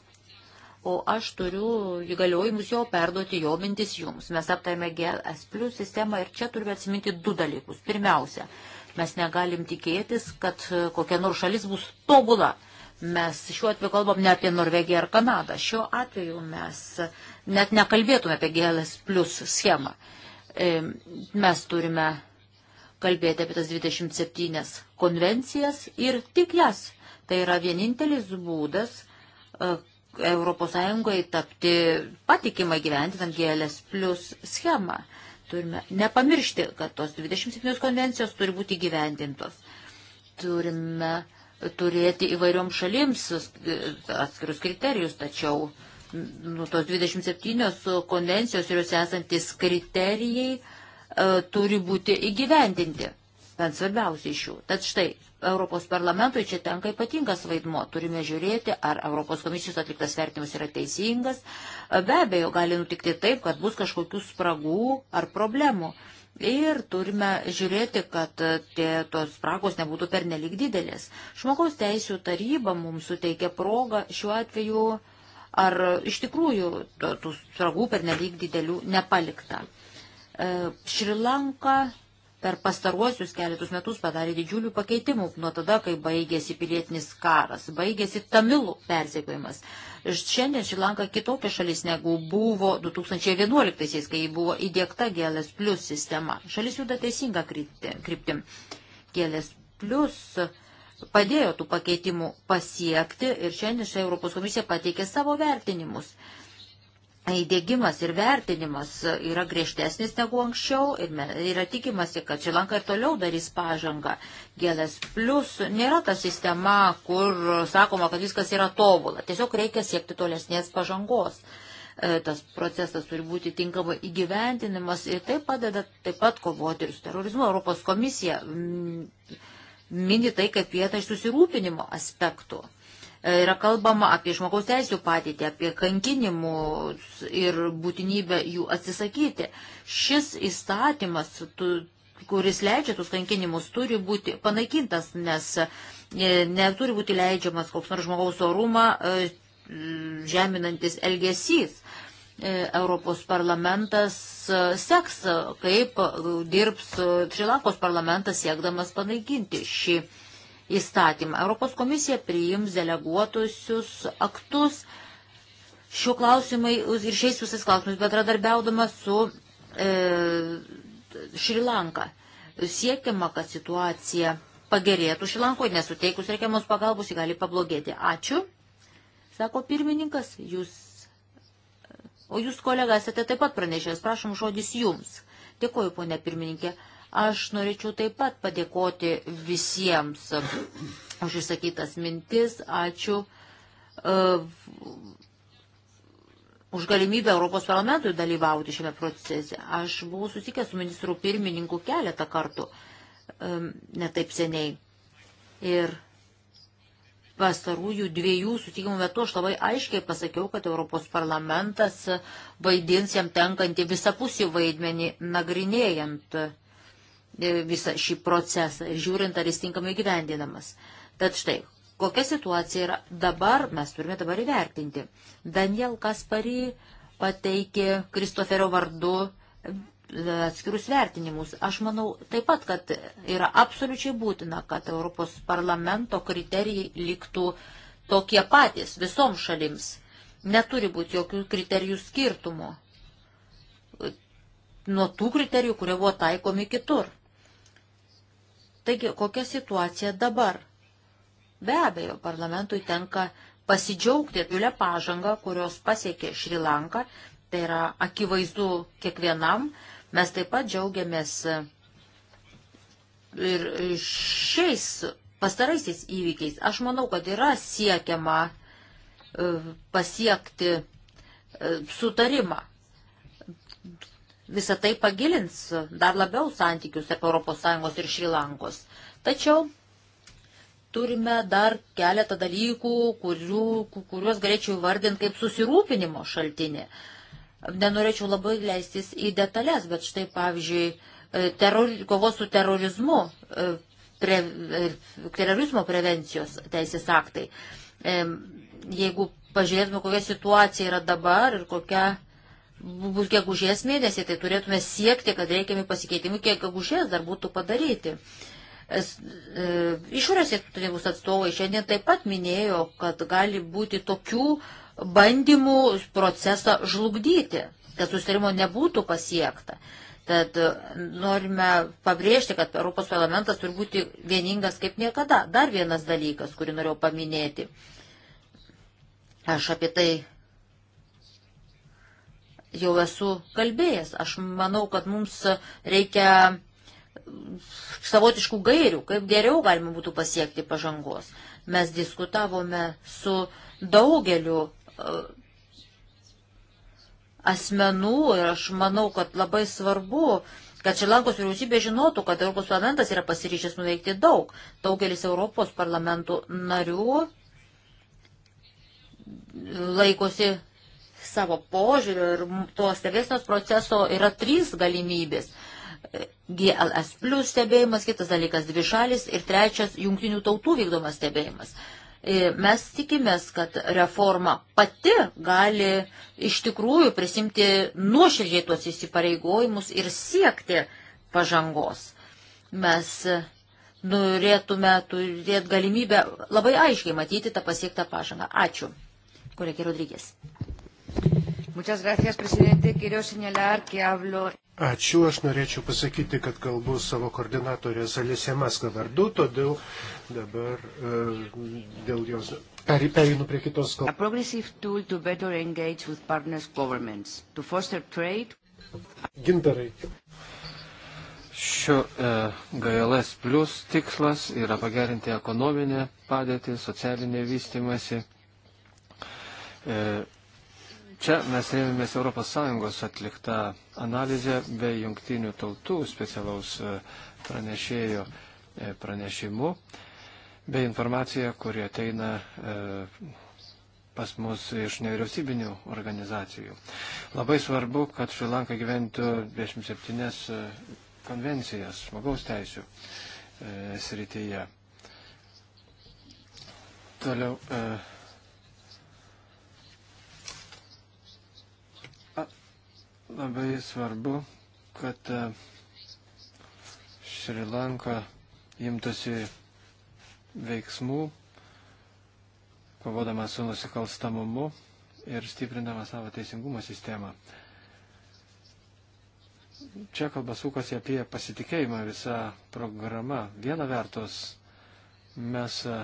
o aš turiu įgaliojimus jo perduoti jo mintis jums. Mes aptarėme GS plus sistemą ir čia turime atsiminti du dalykus. Pirmiausia, mes negalim tikėtis, kad kokia nors šalis bus tobula Mes šiuo atveju kalbam ne apie Norvegiją ar Kanadą. Šiuo atveju mes net nekalbėtume apie GLS plus schemą. E, mes turime kalbėti apie tas 27 konvencijas ir tik jas. Tai yra vienintelis būdas ES tapti patikimai gyventinant GLS plus schemą. Turime nepamiršti, kad tos 27 konvencijos turi būti gyventintos. Turime turėti įvairioms šalims e, atskirus kriterijus, tačiau nu, tos 27 konvencijos ir jos esantis kriterijai e, turi būti įgyvendinti. Bent svarbiausia iš jų. Tad štai, Europos parlamentui čia tenka ypatingas vaidmo. Turime žiūrėti, ar Europos komisijos atliktas vertimas yra teisingas. Be abejo, gali nutikti taip, kad bus kažkokių spragų ar problemų. Ir turime žiūrėti, kad tie, tos spragos nebūtų pernelik didelės. Žmogaus teisų taryba mums suteikia progą šiuo atveju, ar iš tikrųjų tų spragų pernelik didelių nepalikta. E, Šrilanka per pastaruosius keletus metus padarė didžiulių pakeitimų nuo tada, kai baigėsi pilietinis karas, baigėsi tamilų persekiojimas. Šiandien Šilanka kitokia šalis negu buvo 2011-aisiais, kai buvo įdėkta GLS plus sistema. Šalis juda teisinga kryptim. GLS plus padėjo tų pakeitimų pasiekti ir šiandien šią Europos komisija pateikė savo vertinimus įdėgymas ir vertinimas yra griežtesnis negu anksčiau ir yra tikimasi, kad Šilanka ir toliau darys pažangą. Gėlės plus nėra ta sistema, kur sakoma, kad viskas yra tobula. Tiesiog reikia siekti tolesnės pažangos. E, tas procesas turi būti tinkamai įgyventinimas ir tai padeda taip pat kovoti ir su terorizmu. Europos komisija mini tai kaip vietą iš susirūpinimo aspektų. E, yra kalbama apie žmogaus teisų patytį, apie kankinimus ir būtinybę jų atsisakyti. Šis įstatymas, tu, kuris leidžia tuos kankinimus, turi būti panaikintas, nes e, neturi būti leidžiamas koks nors žmogaus orumą e, žeminantis elgesys. Europos parlamentas seks, kaip dirbs Šrilankos parlamentas siekdamas panaikinti šį įstatymą. Europos komisija priims deleguotusius aktus šiuo klausimai ir šiais visais klausimais bendradarbiaudama su e, Šrilanka. Siekiama, kad situacija pagerėtų Šrilankoje, nesuteikus reikiamos pagalbos, ji gali pablogėti. Ačiū, sako pirmininkas, jūs, o jūs kolega esate taip pat pranešęs, prašom žodis jums. Dėkuoju, ponė pirmininkė. Aš norėčiau taip pat padėkoti visiems už išsakytas mintis. Ačiū uh, už galimybę Europos parlamentui dalyvauti šiame procese. Aš buvau susikęs su ministru pirmininku keletą kartų, um, e, netaip seniai. Ir pastarųjų dviejų sutikimų metu aš labai aiškiai pasakiau, kad Europos parlamentas vaidins jam tenkantį visapusį vaidmenį nagrinėjant uh, E, visą šį procesą ir žiūrint, ar jis tinkamai gyvendinamas. Tad štai, kokia situacija yra dabar, mes turime dabar įvertinti. Daniel Kaspari pateikė Kristoferio vardu e, atskirus vertinimus. Aš manau taip pat, kad yra absoliučiai būtina, kad Europos parlamento kriterijai liktų tokie patys visoms šalims. Neturi būti jokių kriterijų skirtumų e, nuo tų kriterijų, kurie buvo taikomi kitur. Taigi, kokia situacija dabar? Be abejo, parlamentui tenka pasidžiaugti didžiulę pažangą, kurios pasiekė Šrilanka, tai yra akivaizdu kiekvienam. Mes taip pat džiaugiamės ir šiais pastaraisiais įvykiais. Aš manau, kad yra siekiama e, pasiekti e, sutarimą Visą tai pagilins dar labiau santykius tarp ES ir Šrilankos. Tačiau turime dar keletą dalykų, kurių, kuriuos galėčiau vardinti kaip susirūpinimo šaltinį. Nenorėčiau labai leistis į detalės, bet štai pavyzdžiui, e, teror, kovos su terorizmu, e, pre, e, terorizmo prevencijos teisės aktai. Jeigu pažiūrėtume, kokia situacija yra dabar ir kokia bus gegužės mėnesį, tai turėtume siekti, kad reikiami pasikeitimai kiek gegužės dar būtų padaryti. Es, e, išorės tarnybos atstovai šiandien taip pat minėjo, kad gali būti tokių bandymų procesą žlugdyti, kad sustarimo nebūtų pasiekta. Tad e, norime pabrėžti, kad Europos parlamentas turi būti vieningas kaip niekada. Dar vienas dalykas, kurį norėjau paminėti. Aš apie tai jau esu kalbėjęs. Aš manau, kad mums reikia savotiškų gairių, kaip geriau galima būtų pasiekti pažangos. Mes diskutavome su daugeliu e, asmenų ir aš manau, kad labai svarbu, kad Šilankos vyriausybė žinotų, kad Europos parlamentas yra pasiryžęs nuveikti daug. Daugelis Europos parlamentų narių laikosi savo požiūrio ir to stebėsnos proceso yra trys galimybės. GLS plus stebėjimas, kitas dalykas dvi šalis ir trečias jungtinių tautų vykdomas stebėjimas. E, mes tikimės, kad reforma pati gali iš tikrųjų prisimti nuoširdžiai tuos įsipareigojimus ir siekti pažangos. Mes e, norėtume turėti galimybę labai aiškiai matyti tą pasiektą pažangą. Ačiū, kolegė Rodrygės. Gracias, hablo... Ačiū, aš norėčiau pasakyti, kad kalbu savo koordinatorės Alise Maska vardu, todėl dabar e, dėl jos perinu prie kitos kalbos. Gintarai. Šio e, GLS plus tikslas yra pagerinti ekonominę padėtį, socialinę vystimąsi. E, Čia mes ėmėmės ES atliktą analizę bei jungtinių tautų specialaus e, pranešėjo e, pranešimu, bei informacija, kuri ateina e, pas mus iš nevyriausybinių organizacijų. Labai svarbu, kad Šrilanka gyventų 27 konvencijas žmogaus teisų e, srityje. Toliau. E, labai svarbu, kad e, Šri Lanka imtasi veiksmų, kovodama su nusikalstamumu ir stiprindama savo teisingumo sistemą. Čia kalba sukasi apie pasitikėjimą visą programą. Viena vertus, mes e,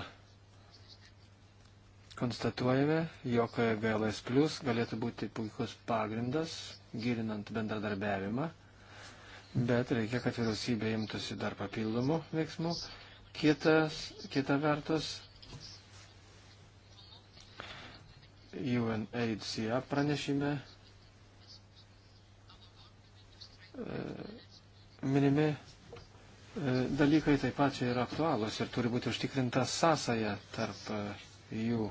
konstatuojame, jog GLS Plus galėtų būti puikus pagrindas gilinant bendradarbiavimą, bet reikia, kad vyriausybė imtųsi dar papildomų veiksmų. Kitas, kita vertus, UNHCR pranešime e, minimi e, dalykai taip pat čia yra aktualūs ir turi būti užtikrinta sąsaja tarp e, jų.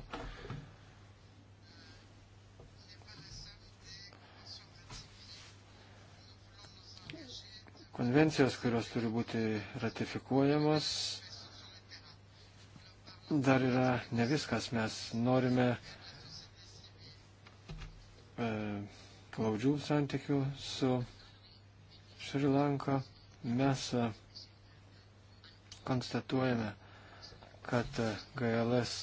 Konvencijos, kurios turi būti ratifikuojamos, dar yra ne viskas. Mes norime e, glaudžių santykių su Šri Lanka. Mes e, konstatuojame, kad e, GLS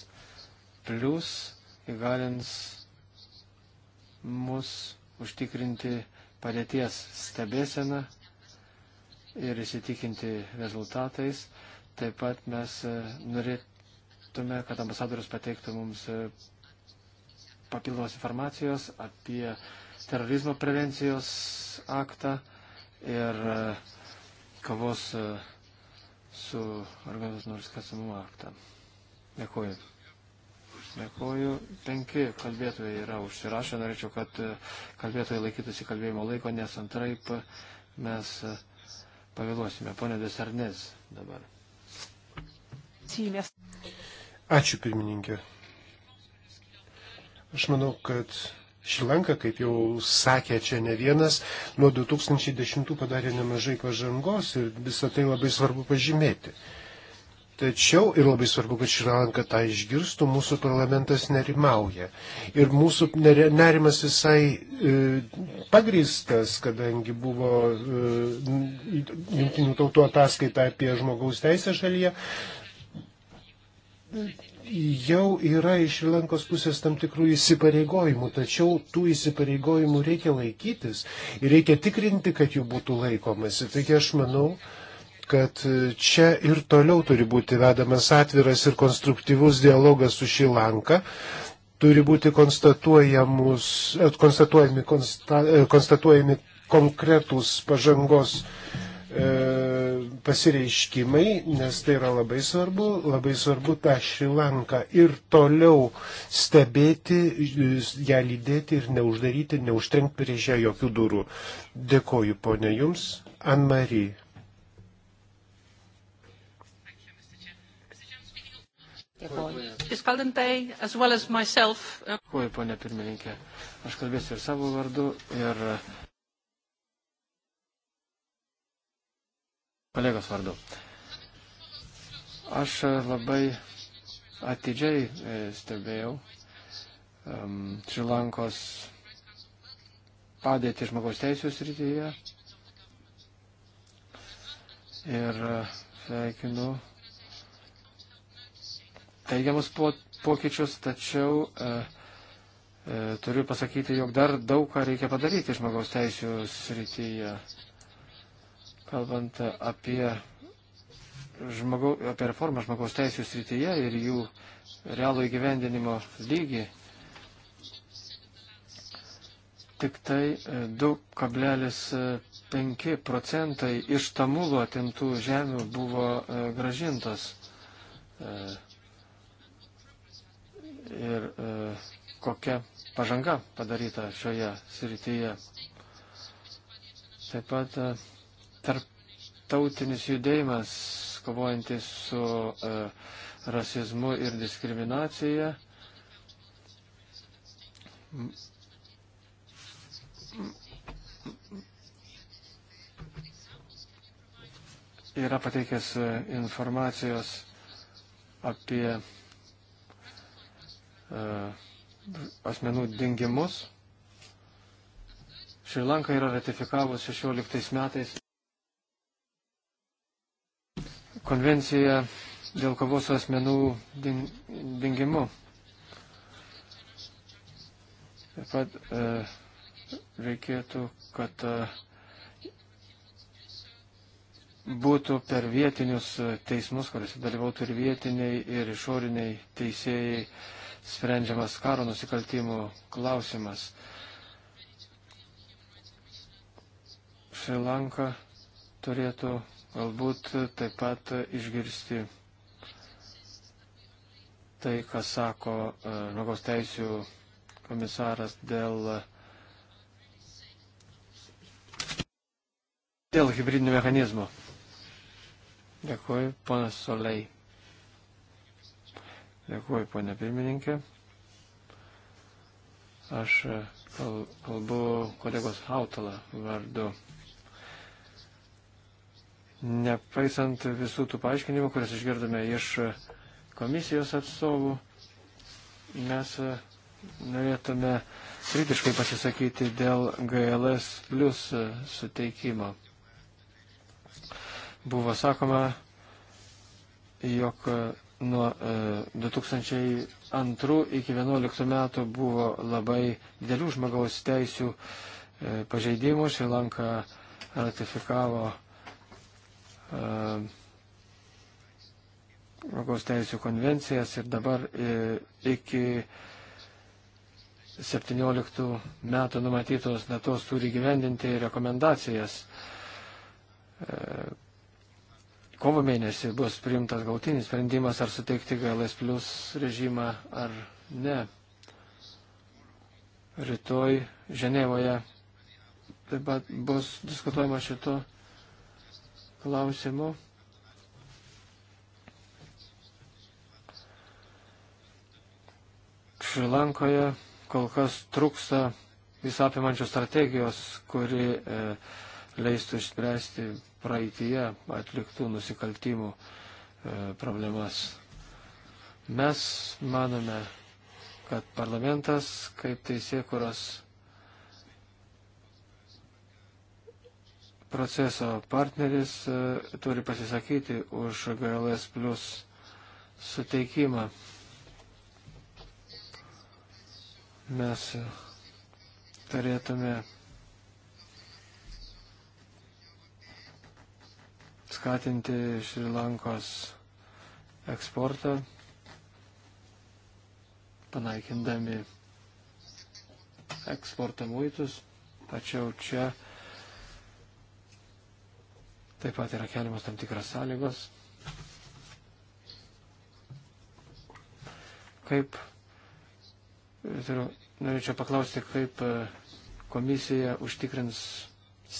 plus įgalins mus užtikrinti padėties stebėseną ir įsitikinti rezultatais. Taip pat mes e, norėtume, kad ambasadorius pateiktų mums e, papildomos informacijos apie terorizmo prevencijos aktą ir e, kovos su organizuotos nusikalstamumo aktą. Dėkuoju. Dėkuoju. Penki kalbėtojai yra užsirašę. Norėčiau, kad e, kalbėtojai laikytųsi kalbėjimo laiko, nes antraip mes e, pavėluosime. Pone Desarnės dabar. Sylės. Ačiū pirmininkė. Aš manau, kad Šilanka, kaip jau sakė čia ne vienas, nuo 2010 padarė nemažai pažangos ir visą tai labai svarbu pažymėti. Uh, Tačiau ir labai svarbu, kad Šrilanka tą išgirstų, mūsų parlamentas nerimauja. Ir mūsų nerimas visai e, pagristas, kadangi buvo e, jungtinių tautų ataskaita apie žmogaus teisę šalyje, jau yra iš Šrilankos pusės tam tikrų įsipareigojimų, tačiau tų įsipareigojimų reikia laikytis ir reikia tikrinti, kad jų būtų laikomasi. Taigi aš manau, e, kad čia ir toliau turi būti vedamas atviras ir konstruktyvus dialogas su Šilanka, turi būti e, konstatuojami, konsta, e, konstatuojami konkretūs pažangos e, pasireiškimai, nes tai yra labai svarbu, labai svarbu tą Šilanką ir toliau stebėti, ją lydėti ir neuždaryti, neužtrenkti prieš ją jokių durų. Dėkoju, ponė, jums. Anne-Marie. Dėkuoju, uh, ponė pirmininkė. Aš kalbėsiu ir savo vardu, ir kolegos vardu. Aš labai atidžiai e, stebėjau um, Šrilankos padėti žmogaus teisų srityje ir e, sveikinu teigiamus po, pokyčius, tačiau e, e, turiu pasakyti, jog dar daug ką reikia padaryti žmogaus teisų srityje. Kalbant apie, žmogau, apie reformą žmogaus teisų srityje ir jų realų įgyvendinimo lygį, tik tai 2,5 e, procentai iš Tamulo atimtų žemių buvo e, gražintos. E, ir e, kokia pažanga padaryta šioje srityje. Taip pat e, tarptautinis judėjimas kovojantis su e, rasizmu ir diskriminacija. Yra pateikęs e, informacijos apie E, asmenų dingimus. Šrilanka yra ratifikavus 16 metais konvenciją dėl kovos su asmenų dingimu. Taip pat e, reikėtų, kad e, būtų per vietinius teismus, kuriuose dalyvautų ir vietiniai, ir išoriniai teisėjai, e, sprendžiamas karo nusikaltimų klausimas. Šrilanka turėtų galbūt taip pat išgirsti tai, ką sako e, žmogaus teisų komisaras dėl, dėl hybridinių mechanizmų. Dėkuoju, ponas Solei. Dėkuoju, ponė pirmininkė. Aš e, kalbu kolegos Hautalą vardu. Nepaisant visų tų paaiškinimų, kurias išgirdome iš komisijos atstovų, mes e, norėtume kritiškai pasisakyti dėl GLS plus e, suteikimo. Buvo sakoma, jog nuo 2002 e, iki 2011 metų buvo labai dėlių žmogaus teisių e, pažeidimų. Šilanka ratifikavo e, žmogaus teisų konvencijas ir dabar iki 17 metų numatytos datos turi gyvendinti rekomendacijas kovo mėnesį bus priimtas gautinis sprendimas, ar suteikti GLS plus režimą ar ne. Rytoj Ženevoje taip pat bus diskutuojama šito klausimu. Šrilankoje kol kas trūksta visapimančios strategijos, kuri e, leistų išspręsti praeitie atliktų nusikaltimų e, problemas. Mes manome, kad parlamentas kaip teisėkuros proceso partneris e, turi pasisakyti už GLS plus suteikimą. Mes turėtume skatinti Šrilankos eksportą, panaikindami eksporto muitus, tačiau čia taip pat yra keliamos tam tikras sąlygos. Kaip, turiu, norėčiau paklausti, kaip e, komisija užtikrins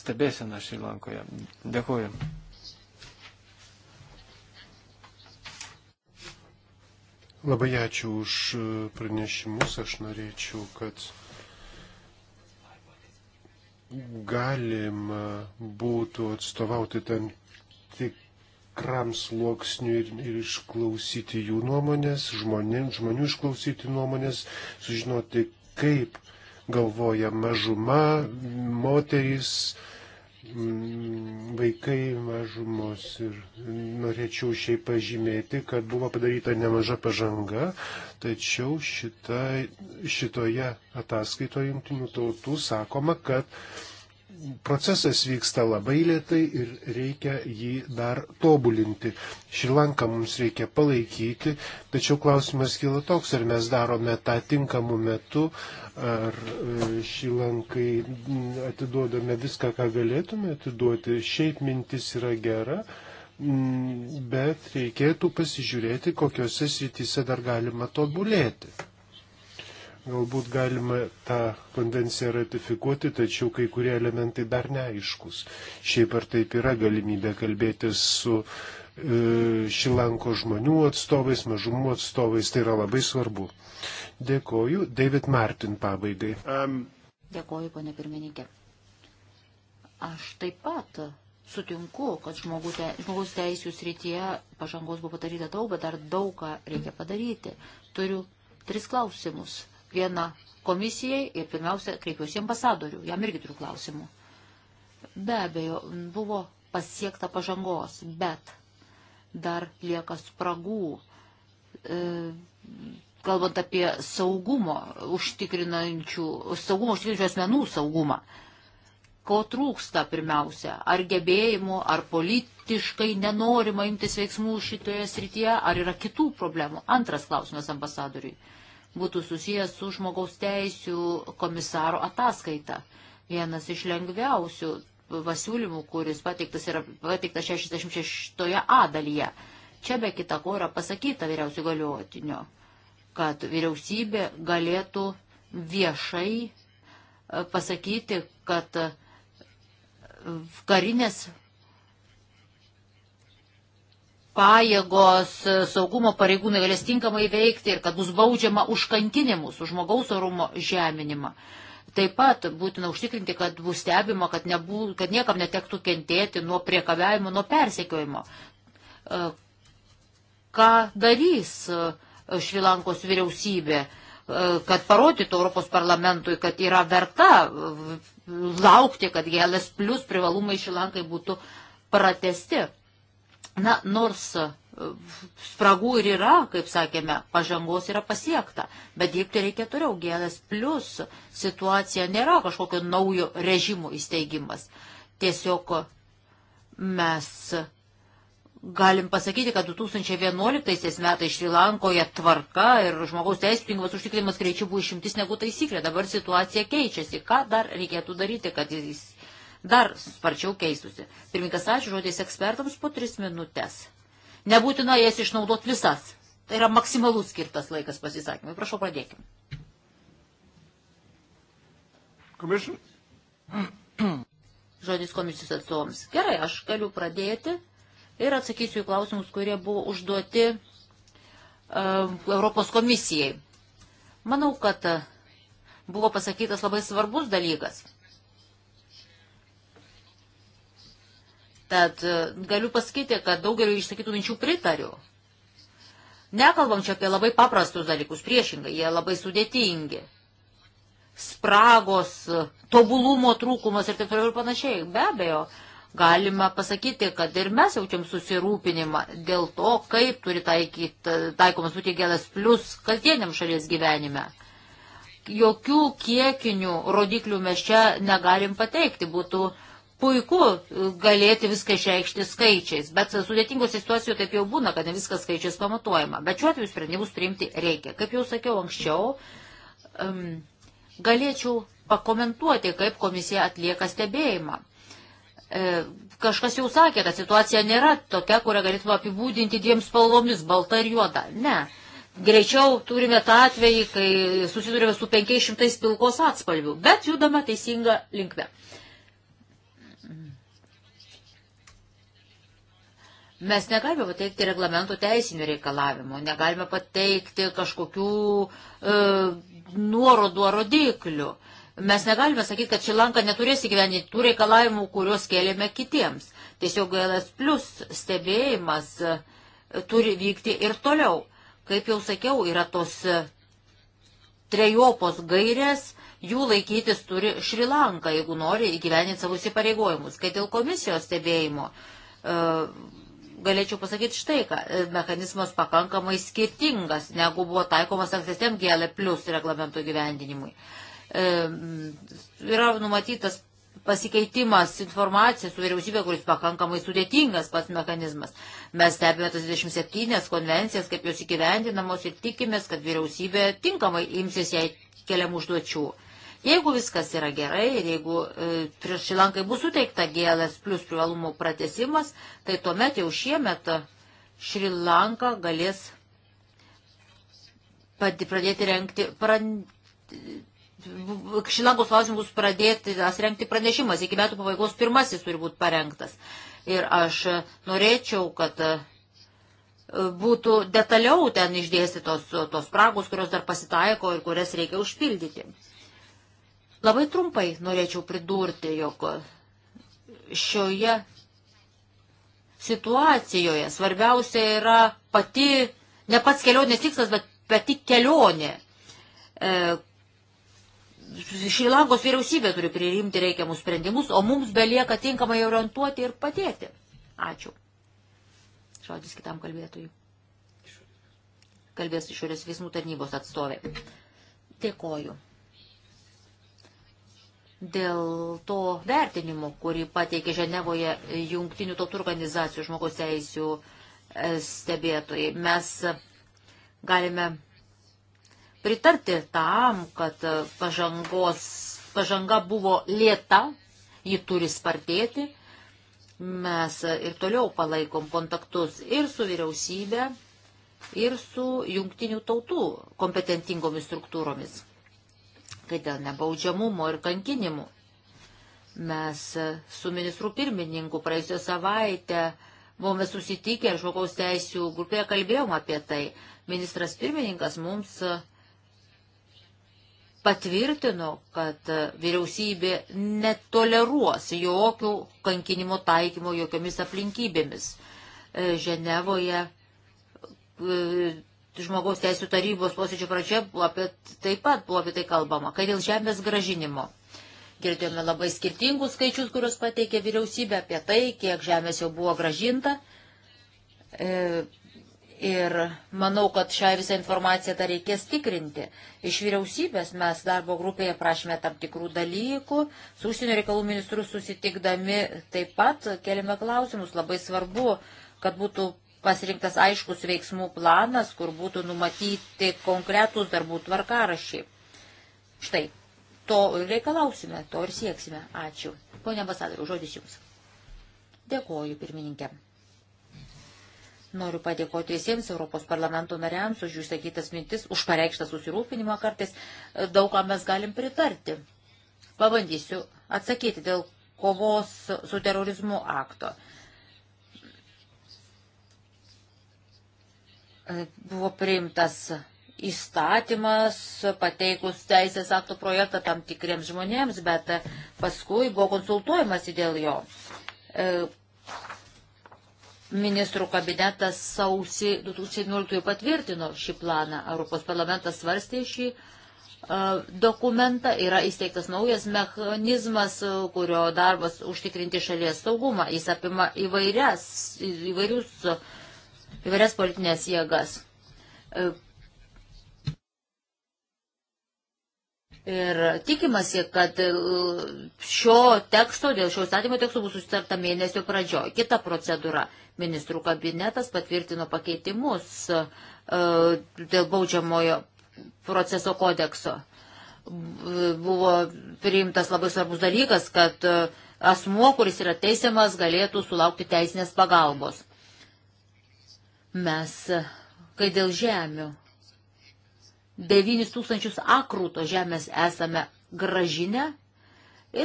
stebėseną Šrilankoje. Dėkuoju. Labai ačiū už e, pranešimus. Aš norėčiau, kad galima būtų atstovauti tam tikram sluoksniui ir, ir išklausyti jų nuomonės, žmonėm, žmonių išklausyti nuomonės, sužinoti, kaip galvoja mažuma, moterys, Mm, vaikai mažumos ir norėčiau šiaip pažymėti, kad buvo padaryta nemaža pažanga, tačiau šita, šitoje ataskaitoje jungtinių tautų sakoma, kad procesas vyksta labai lietai ir reikia jį dar tobulinti. Šrilanką mums reikia palaikyti, tačiau klausimas kyla toks, ar mes darome tą tinkamu metu, ar e, Šrilankai atiduodame viską, ką galėtume atiduoti. Šiaip mintis yra gera. Bet reikėtų pasižiūrėti, kokiuose srityse dar galima tobulėti. Galbūt galima tą konvenciją ratifikuoti, tačiau kai kurie elementai dar neaiškus. Šiaip ar taip yra galimybė kalbėtis su e, Šilanko žmonių atstovais, mažumų atstovais, tai yra labai svarbu. Dėkoju. David Martin pabaigai. Um. Dėkoju, ponė pirmininkė. Aš taip pat sutinku, kad žmogus, te, žmogus teisų srityje pažangos buvo padaryta daug, bet dar daug ką reikia padaryti. Turiu tris klausimus vieną komisijai ir pirmiausia kreipiuosi ambasadorių, jam irgi turiu klausimų. Be abejo, buvo pasiekta pažangos, bet dar lieka spragų, e, kalbant apie saugumo užtikrinančių, saugumo užtikrinančių asmenų saugumą. Ko trūksta pirmiausia? Ar gebėjimų, ar politiškai nenorima imtis veiksmų šitoje srityje, ar yra kitų problemų? Antras klausimas ambasadoriui. E, būtų susijęs su žmogaus teisų komisaro ataskaita. Vienas iš lengviausių pasiūlymų, kuris pateiktas yra pateiktas 66a dalyje. Čia be kita ko yra pasakyta vyriausių galiotinio, kad vyriausybė galėtų viešai e, pasakyti, kad e, karinės pajėgos, e, saugumo pareigūnai galės tinkamai veikti ir kad bus baudžiama už kankinimus, už žmogaus orumo žeminimą. Taip pat būtina užtikrinti, kad bus stebima, kad, nebū, kad niekam netektų kentėti nuo priekabiavimo, nuo persekiojimo. E, ką darys e, Švilankos vyriausybė, kad parodytų Europos parlamentui, kad yra verta laukti, kad GLS plus privalumai Švilankai būtų pratesti. Na, nors e, spragų ir yra, kaip sakėme, pažangos yra pasiekta, bet dirbti reikia toliau. Gėdas plus situacija nėra kažkokio naujo režimo įsteigimas. Tiesiog mes galim pasakyti, kad 2011 metais Šrilankoje tvarka ir žmogaus teisų tinklas užtikrimas greičiau buvo išimtis negu taisyklė. Dabar situacija keičiasi. Ką dar reikėtų daryti, kad jis dar sparčiau keistusi. Pirmininkas, ačiū žodės ekspertams po tris minutės. Nebūtina jas išnaudoti visas. Tai yra maksimalus skirtas laikas pasisakymui. Prašau, pradėkime. Commission? Žodis komisijos atstovams. Gerai, aš galiu pradėti ir atsakysiu į klausimus, kurie buvo užduoti uh, Europos komisijai. Manau, kad uh, buvo pasakytas labai svarbus dalykas. Tad e, galiu pasakyti, kad daugeliu išsakytų minčių pritariu. Nekalbam čia apie labai paprastus dalykus, priešingai, jie labai sudėtingi. Spragos, e, tobulumo trūkumas ir taip toliau ir panašiai. Be abejo, galima pasakyti, kad ir mes jaučiam susirūpinimą dėl to, kaip turi taikyti, e, taikomas būti gelas plus kasdieniam šalies gyvenime. Jokių kiekinių rodiklių mes čia negalim pateikti. Būtų uh, puiku galėti viską išreikšti skaičiais, bet sudėtingos situacijos taip jau būna, kad ne viskas skaičiais pamatuojama. Bet šiuo atveju sprendimus priimti reikia. Kaip jau sakiau anksčiau, um, galėčiau pakomentuoti, kaip komisija atlieka stebėjimą. E, kažkas jau sakė, kad situacija nėra tokia, kurią galėtume apibūdinti dviem spalvomis - balta ir juoda. Ne. Greičiau turime tą atvejį, kai susidurime su 500 pilkos atspalvių, bet judame teisinga linkme. E, Mes negalime pateikti reglamento teisinių reikalavimų, negalime pateikti kažkokių e, nuorodų ar rodiklių. Mes negalime sakyti, kad Šilanka neturės įgyveninti tų reikalavimų, kuriuos kėlėme kitiems. Tiesiog LS plus stebėjimas e, turi vykti ir toliau. Kaip jau sakiau, yra tos e, trejopos gairės, jų laikytis turi Šrilanka, jeigu nori įgyveninti savo įsipareigojimus. Kai dėl komisijos stebėjimo. E, galėčiau pasakyti štai, kad e, mechanizmas pakankamai skirtingas, negu buvo taikomas ankstesniam GL plus reglamento gyvendinimui. E, yra numatytas pasikeitimas informacija su vyriausybė, kuris pakankamai sudėtingas pats mechanizmas. Mes stebime tas 27 konvencijas, kaip jos įgyvendinamos ir tikimės, kad vyriausybė tinkamai imsis jai keliamų užduočių. E, Jeigu viskas yra gerai ir jeigu e, prieš Šilankai bus suteikta GLS plus privalumų pratesimas, tai tuomet jau šiemet Šrilanka galės pradėti renkti, pra, Šrilankos klausimus bus pradėtas renkti pranešimas, iki metų pabaigos pirmasis turi būti parengtas. Ir aš norėčiau, kad e, būtų detaliau ten išdėstytos tos spragos, kurios dar pasitaiko ir kurias reikia užpildyti. Labai trumpai norėčiau pridurti, jog šioje situacijoje svarbiausia yra pati, ne pats kelionės tikslas, bet pati kelionė. E, Šilangos vyriausybė turi priimti reikiamus sprendimus, o mums belieka tinkamai orientuoti ir padėti. Ačiū. Žodis kitam kalbėtojui. Kalbės išorės veiksmų tarnybos atstovė. Dėkoju dėl to vertinimo, kurį pateikė Ženevoje jungtinių tautų organizacijų žmogaus teisų e, stebėtojai. Mes galime pritarti tam, kad pažangos, pažanga buvo lėta, ji turi spartėti. Mes ir toliau palaikom kontaktus ir su vyriausybė, ir su jungtinių tautų kompetentingomis struktūromis kai dėl nebaudžiamumo ir kankinimų. Mes e, su ministru pirmininku praėjusią savaitę buvome susitikę ir žmogaus teisų grupėje kalbėjom apie tai. Ministras pirmininkas mums e, patvirtino, kad e, vyriausybė netoleruos jokių kankinimo taikymo jokiomis aplinkybėmis. Ženevoje žmogaus teisų tarybos posėdžio pradžia buvo apie, taip pat buvo apie tai kalbama, kad dėl žemės gražinimo. Girdėjome labai skirtingus skaičius, kuriuos pateikė vyriausybė apie tai, kiek žemės jau buvo gražinta. E, ir manau, kad šią visą informaciją dar reikės tikrinti. Iš vyriausybės mes darbo grupėje prašėme tam tikrų dalykų, su užsienio reikalų ministru susitikdami taip pat keliame klausimus. Labai svarbu, kad būtų pasirinktas aiškus veiksmų planas, kur būtų numatyti konkretus darbų tvarkarašiai. Štai, to reikalausime, to ir sieksime. Ačiū. Pone ambasadoriu, žodis Jums. Dėkoju, pirmininkė. Noriu padėkoti visiems Europos parlamento nariams už jų sakytas mintis, už pareikštą susirūpinimą kartais. Daug ką mes galim pritarti. Pabandysiu atsakyti dėl kovos su terorizmu akto. buvo priimtas įstatymas, pateikus teisės aktų projektą tam tikriems žmonėms, bet paskui buvo konsultuojamasi dėl jo. E, ministrų kabinetas sausį 2011 patvirtino šį planą. Europos parlamentas svarstė šį e, dokumentą. Yra įsteigtas naujas mechanizmas, kurio darbas užtikrinti šalies saugumą. Jis apima įvairias, įvairius įvairias politinės jėgas. E, ir tikimasi, kad e, šio teksto, dėl šio statymo teksto bus susitarta mėnesio pradžioje. Kita procedūra. Ministrų kabinetas patvirtino pakeitimus e, dėl baudžiamojo proceso kodekso. Buvo priimtas labai svarbus dalykas, kad asmuo, kuris yra teisiamas, galėtų sulaukti teisinės pagalbos. Mes, kai dėl žemių, 9 tūkstančius akrų to žemės esame gražinę.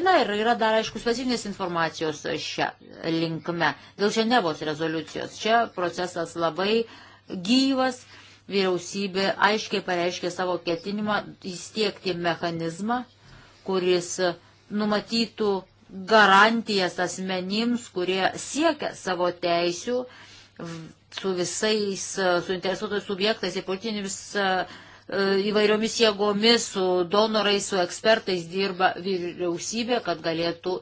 Na ir yra dar, aišku, specifinės informacijos šią linkme dėl Ženevos rezoliucijos. Čia procesas labai gyvas, vyriausybė aiškiai pareiškė savo ketinimą įstiekti mechanizmą, kuris numatytų garantijas asmenims, kurie siekia savo teisių su visais e, suinteresuotais subjektais ir tai politinėmis e, e, įvairiomis jėgomis, su donorais, su ekspertais dirba vyriausybė, kad galėtų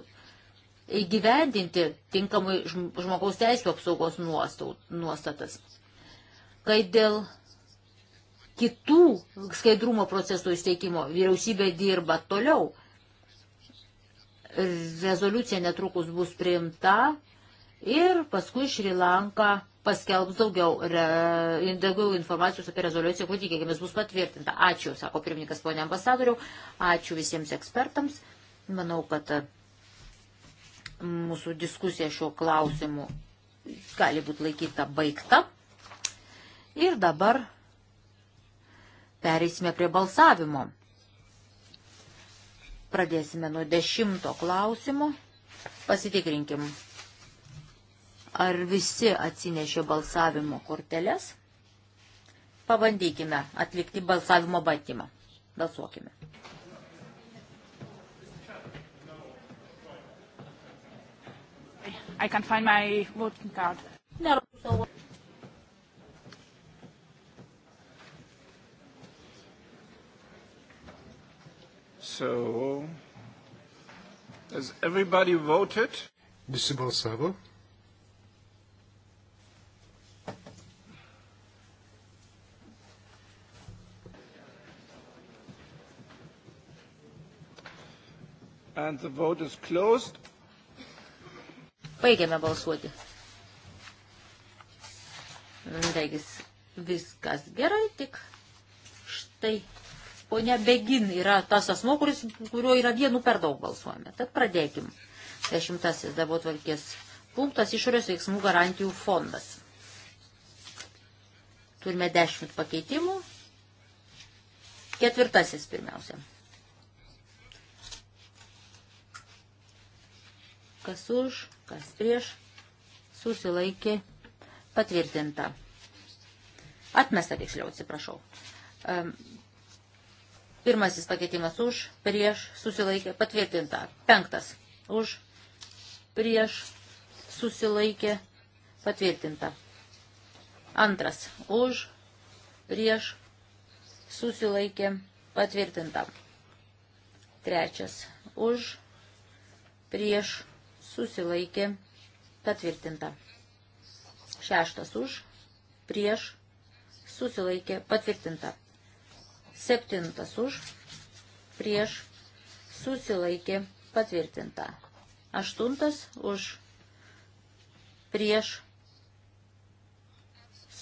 įgyvendinti tinkamai žmogaus teisų apsaugos nuostatas. Kai dėl kitų skaidrumo procesų įsteigimo vyriausybė dirba toliau, rezoliucija netrukus bus priimta ir paskui Šrilanka paskelbs daugiau, re, daugiau informacijos apie rezoliuciją, kuri tikėkime bus patvirtinta. Ačiū, sako pirmininkas ponė ambasadoriau, ačiū visiems ekspertams. Manau, kad e, mūsų diskusija šiuo klausimu gali būti laikyta baigta. Ir dabar pereisime prie balsavimo. Pradėsime nuo dešimto klausimo. Pasitikrinkim Ar visi atsinešė balsavimo korteles? Pabandykime atlikti balsavimo bandymą. Balsuokime. I can find my voting card. Neradau savo. So, has everybody voted? Visi balsavo. And the vote is closed. Baigiame balsuoti. Nu, regis, viskas gerai, tik štai ponia Begin yra tas asmo, kuris, kurio yra vienu per daug balsuojame. Tad pradėkim. Dešimtasis darbo tvarkės punktas išorės veiksmų garantijų fondas. Turime dešimt pakeitimų. Ketvirtasis pirmiausia. Kas už, kas prieš, susilaikė patvirtinta. Atmesta tiksliau, atsiprašau. Um, pirmasis pakeitimas už, prieš, susilaikė, patvirtinta. Penktas už, prieš, susilaikė, patvirtinta. Antras už, prieš, susilaikė, patvirtinta. Trečias už, prieš, susilaikė patvirtinta. Šeštas už, prieš, susilaikė patvirtinta. Septintas už, prieš, susilaikė patvirtinta. Aštuntas už, prieš,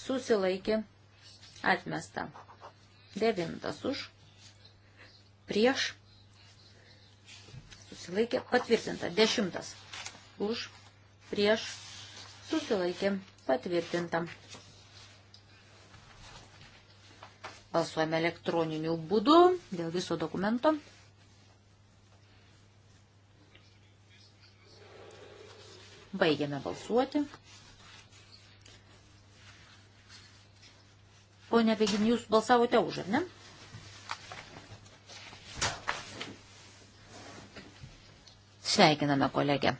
susilaikė atmesta. Devintas už, prieš, susilaikė patvirtinta. Dešimtas už, prieš, susilaikė, patvirtinta. Balsuojame elektroniniu būdu dėl viso dokumento. Baigiame balsuoti. Pone Begin, jūs balsavote už, ar ne? Sveikiname kolegę.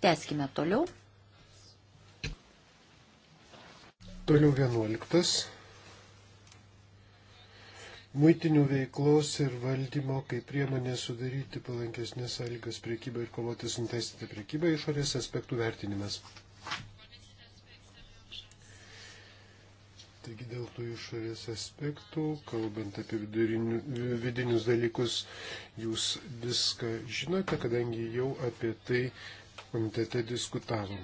Teskime toliau. Toliau vienuoliktas. Muitinių veiklos ir valdymo kaip priemonė sudaryti palankesnės sąlygas priekybai ir kovoti su neteisėta priekyba išorės aspektų vertinimas. Taigi dėl tų išorės aspektų, kalbant apie vidurinių, vidinius dalykus, jūs viską žinote, kadangi jau apie tai komitete diskutavom.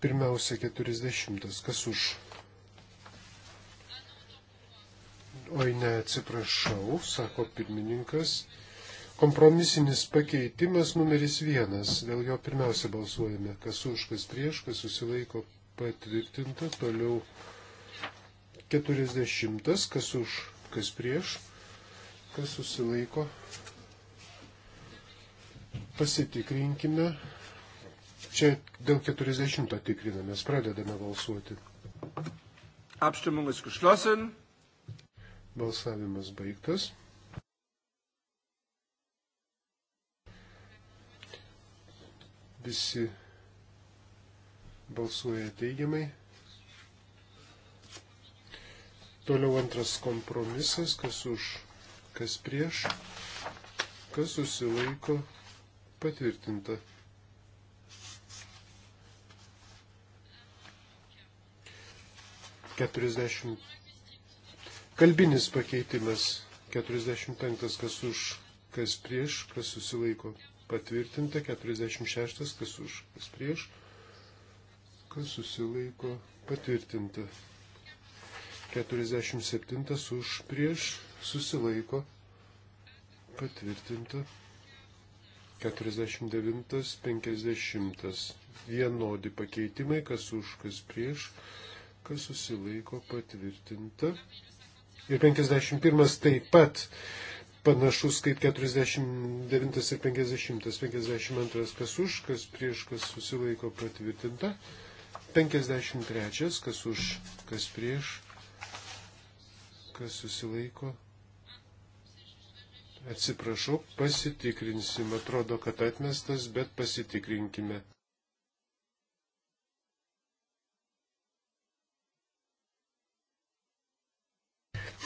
Pirmiausia, 40. Kas už? Oi, ne, atsiprašau, sako pirmininkas. Kompromisinis pakeitimas numeris vienas. Dėl jo pirmiausia balsuojame. Kas už, kas prieš, kas susilaiko patvirtinta. Toliau 40. Kas už, kas prieš, kas susilaiko patvirtinta Pasitikrinkime. Čia dėl 40 tikrinamės, pradedame balsuoti. Abstimmung ist geschlossen. Balsavimas baigtas. Visi balsuoja teigiamai. Toliau antras kompromisas, kas už, kas prieš, kas susilaiko, Patvirtinta. Keturiasdešimt. Kalbinis pakeitimas. 45. Kas už, kas prieš, kas susilaiko. Patvirtinta. 46. Kas už, kas prieš, kas susilaiko. Patvirtinta. 47 už prieš susilaiko patvirtinta. 49-50. Vienodi pakeitimai, kas už, kas prieš, kas susilaiko patvirtinta. Ir 51 taip pat panašus kaip 49 ir 50. 52 kas už, kas prieš, kas susilaiko patvirtinta. 53 kas už, kas prieš, kas susilaiko Atsiprašau, pasitikrinsim. Atrodo, kad atmestas, bet pasitikrinkime.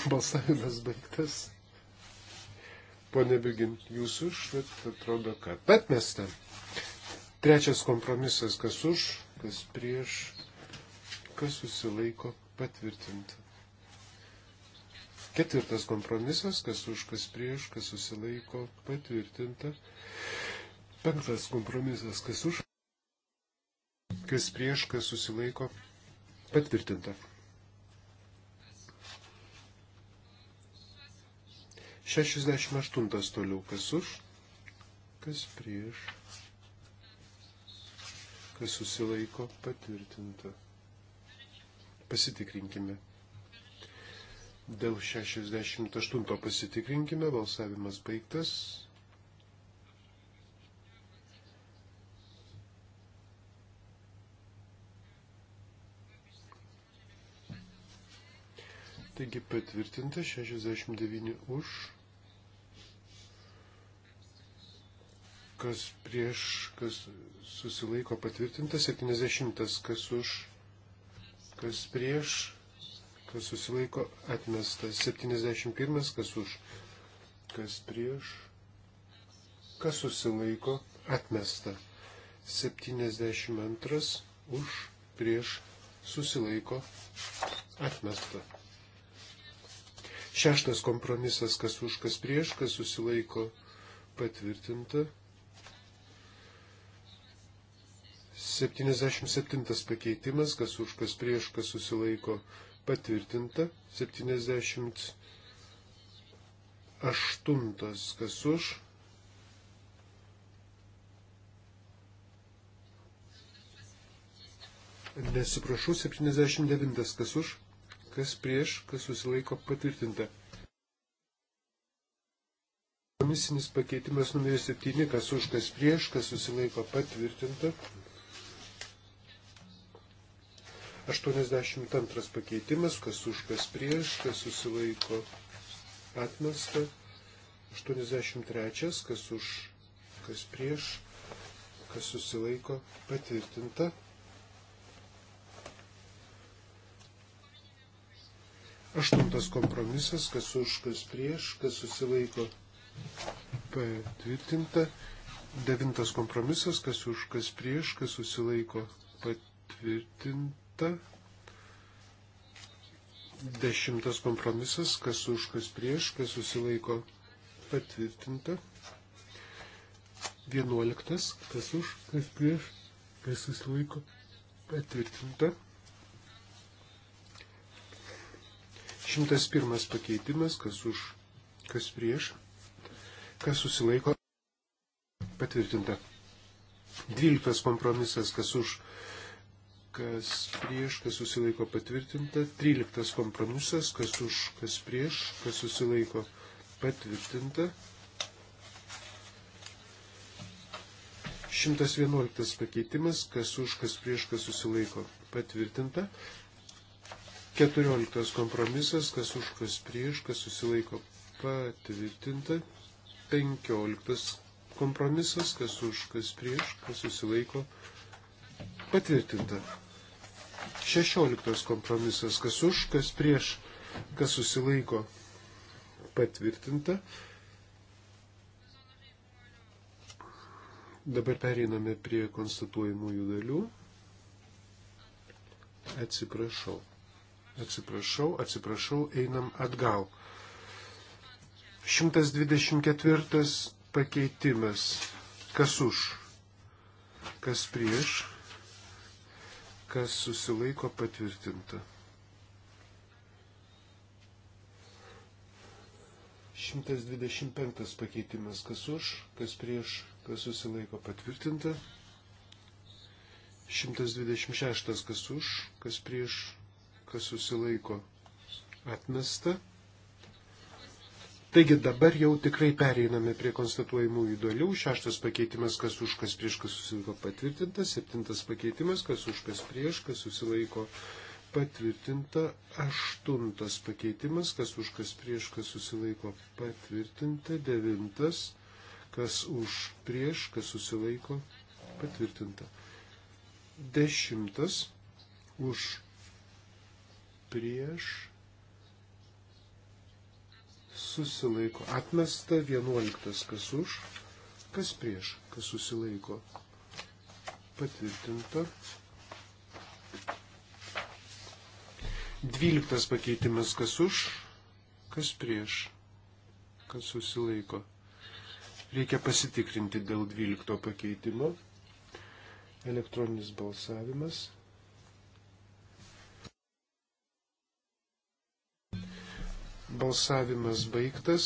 Balsavimas baigtas. Pone Bigin, jūs už, bet atrodo, kad atmesta. Trečias kompromisas, kas už, kas prieš, kas susilaiko patvirtinti. Ketvirtas kompromisas, kas už, kas prieš, kas susilaiko, patvirtinta. Penktas kompromisas, kas už, kas prieš, kas susilaiko, patvirtinta. Šešiasdešimt aštuntas toliau, kas už, kas prieš, kas susilaiko, patvirtinta. Pasitikrinkime. Dėl 68 pasitikrinkime, balsavimas baigtas. Taigi patvirtinta 69 už, kas prieš, kas susilaiko patvirtinta 70, kas už, kas prieš kas susilaiko atmestas. 71, kas už, kas prieš, kas susilaiko atmesta. 72 už, prieš, susilaiko atmesta. Šeštas kompromisas, kas už, kas prieš, kas susilaiko patvirtinta. 77 pakeitimas, kas už, kas prieš, kas susilaiko patvirtinta patvirtinta 78 kas už. Nesiprašau, 79 kas už, kas prieš, kas susilaiko patvirtinta. Komisinis pakeitimas numeris 7, kas už, kas prieš, kas susilaiko patvirtinta. 82 pakeitimas, kas už, kas prieš, kas susilaiko atmesta. 83, kas už, kas prieš, kas susilaiko patvirtinta. Aštuntas kompromisas, kas už, kas prieš, kas susilaiko patvirtinta. Devintas kompromisas, kas už, kas prieš, kas susilaiko patvirtinta. Priimta. Dešimtas kompromisas, kas už, kas prieš, kas susilaiko patvirtinta. Vienuoliktas, kas už, kas prieš, kas susilaiko patvirtinta. Šimtas pirmas pakeitimas, kas už, kas prieš, kas susilaiko patvirtinta. Dvyliktas kompromisas, kas už, kas prieš, kas susilaiko patvirtinta. 13 kompromisas, kas už, kas prieš, kas susilaiko patvirtinta. 111 pakeitimas, kas už, kas prieš, kas susilaiko patvirtinta. 14 kompromisas, kas už, kas prieš, kas susilaiko patvirtinta. 15 kompromisas, kas už, kas prieš, kas susilaiko patvirtinta. 16 kompromisas, kas už, kas prieš, kas susilaiko patvirtinta. Dabar pereiname prie konstatuojamųjų dalių. Atsiprašau. Atsiprašau, atsiprašau, einam atgal. 124 pakeitimas. Kas už? Kas prieš? kas susilaiko patvirtinta. 125 pakeitimas, kas už, kas prieš, kas susilaiko patvirtinta. 126, kas už, kas prieš, kas susilaiko atmesta. Taigi dabar jau tikrai pereiname prie konstatuojamųjų dalių. Šeštas pakeitimas, kas už, kas prieš, kas susilaiko patvirtinta. Septintas pakeitimas, kas už, kas prieš, kas susilaiko patvirtinta. Aštuntas pakeitimas, kas už, kas prieš, kas susilaiko patvirtinta. Devintas, kas už, prieš, kas susilaiko patvirtinta. Dešimtas, už, prieš, susilaiko. Atmesta 11. Kas už, kas prieš, kas susilaiko. Patvirtinta. 12. Pakeitimas. Kas už, kas prieš, kas susilaiko. Reikia pasitikrinti dėl 12 pakeitimo. Elektroninis balsavimas. Balsavimas baigtas,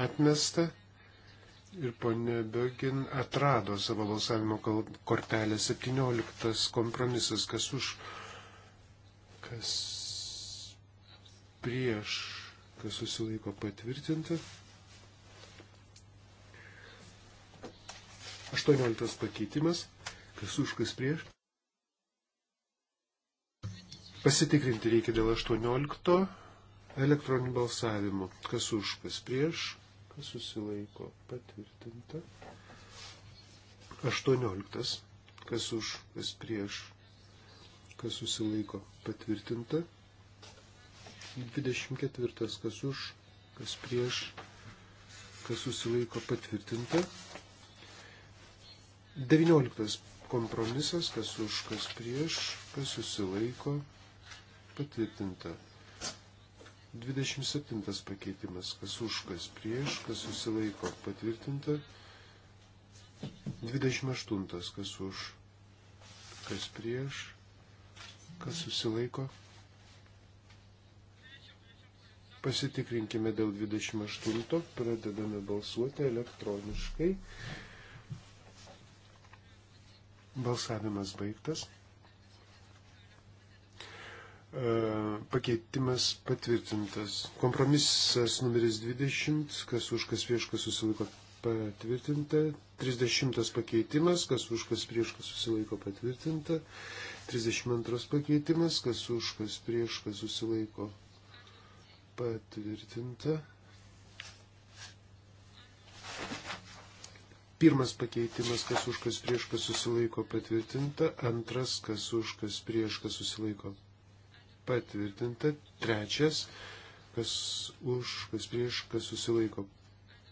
atmesta ir ponė Begin atrado savo balsavimo kortelę 17 kompromisas, kas už, kas prieš, kas susilaiko patvirtinti. 18 pakeitimas, kas už, kas prieš. Pasitikrinti reikia dėl 18 elektroniniu balsavimu. Kas už, kas prieš, kas susilaiko patvirtinta. 18. Kas už, kas prieš, kas susilaiko patvirtinta. 24. Kas už, kas prieš, kas susilaiko patvirtinta. 19. Kompromisas, kas už, kas prieš, kas susilaiko patvirtinta. 27 pakeitimas, kas už, kas prieš, kas susilaiko patvirtinta. 28, kas už, kas prieš, kas susilaiko. Pasitikrinkime dėl 28, pradedame balsuoti elektroniškai. Balsavimas baigtas. E, pakeitimas patvirtintas. Kompromisas numeris 20, kas už kas prieš kas susilaiko patvirtinta. 30 pakeitimas, kas už kas prieš kas susilaiko patvirtinta. 32 pakeitimas, kas už kas prieš kas susilaiko patvirtinta. Pirmas pakeitimas, kas už kas prieš kas susilaiko patvirtinta. Antras, kas už kas prieš kas susilaiko patvirtinta patvirtinta. Trečias, kas už, kas prieš, kas susilaiko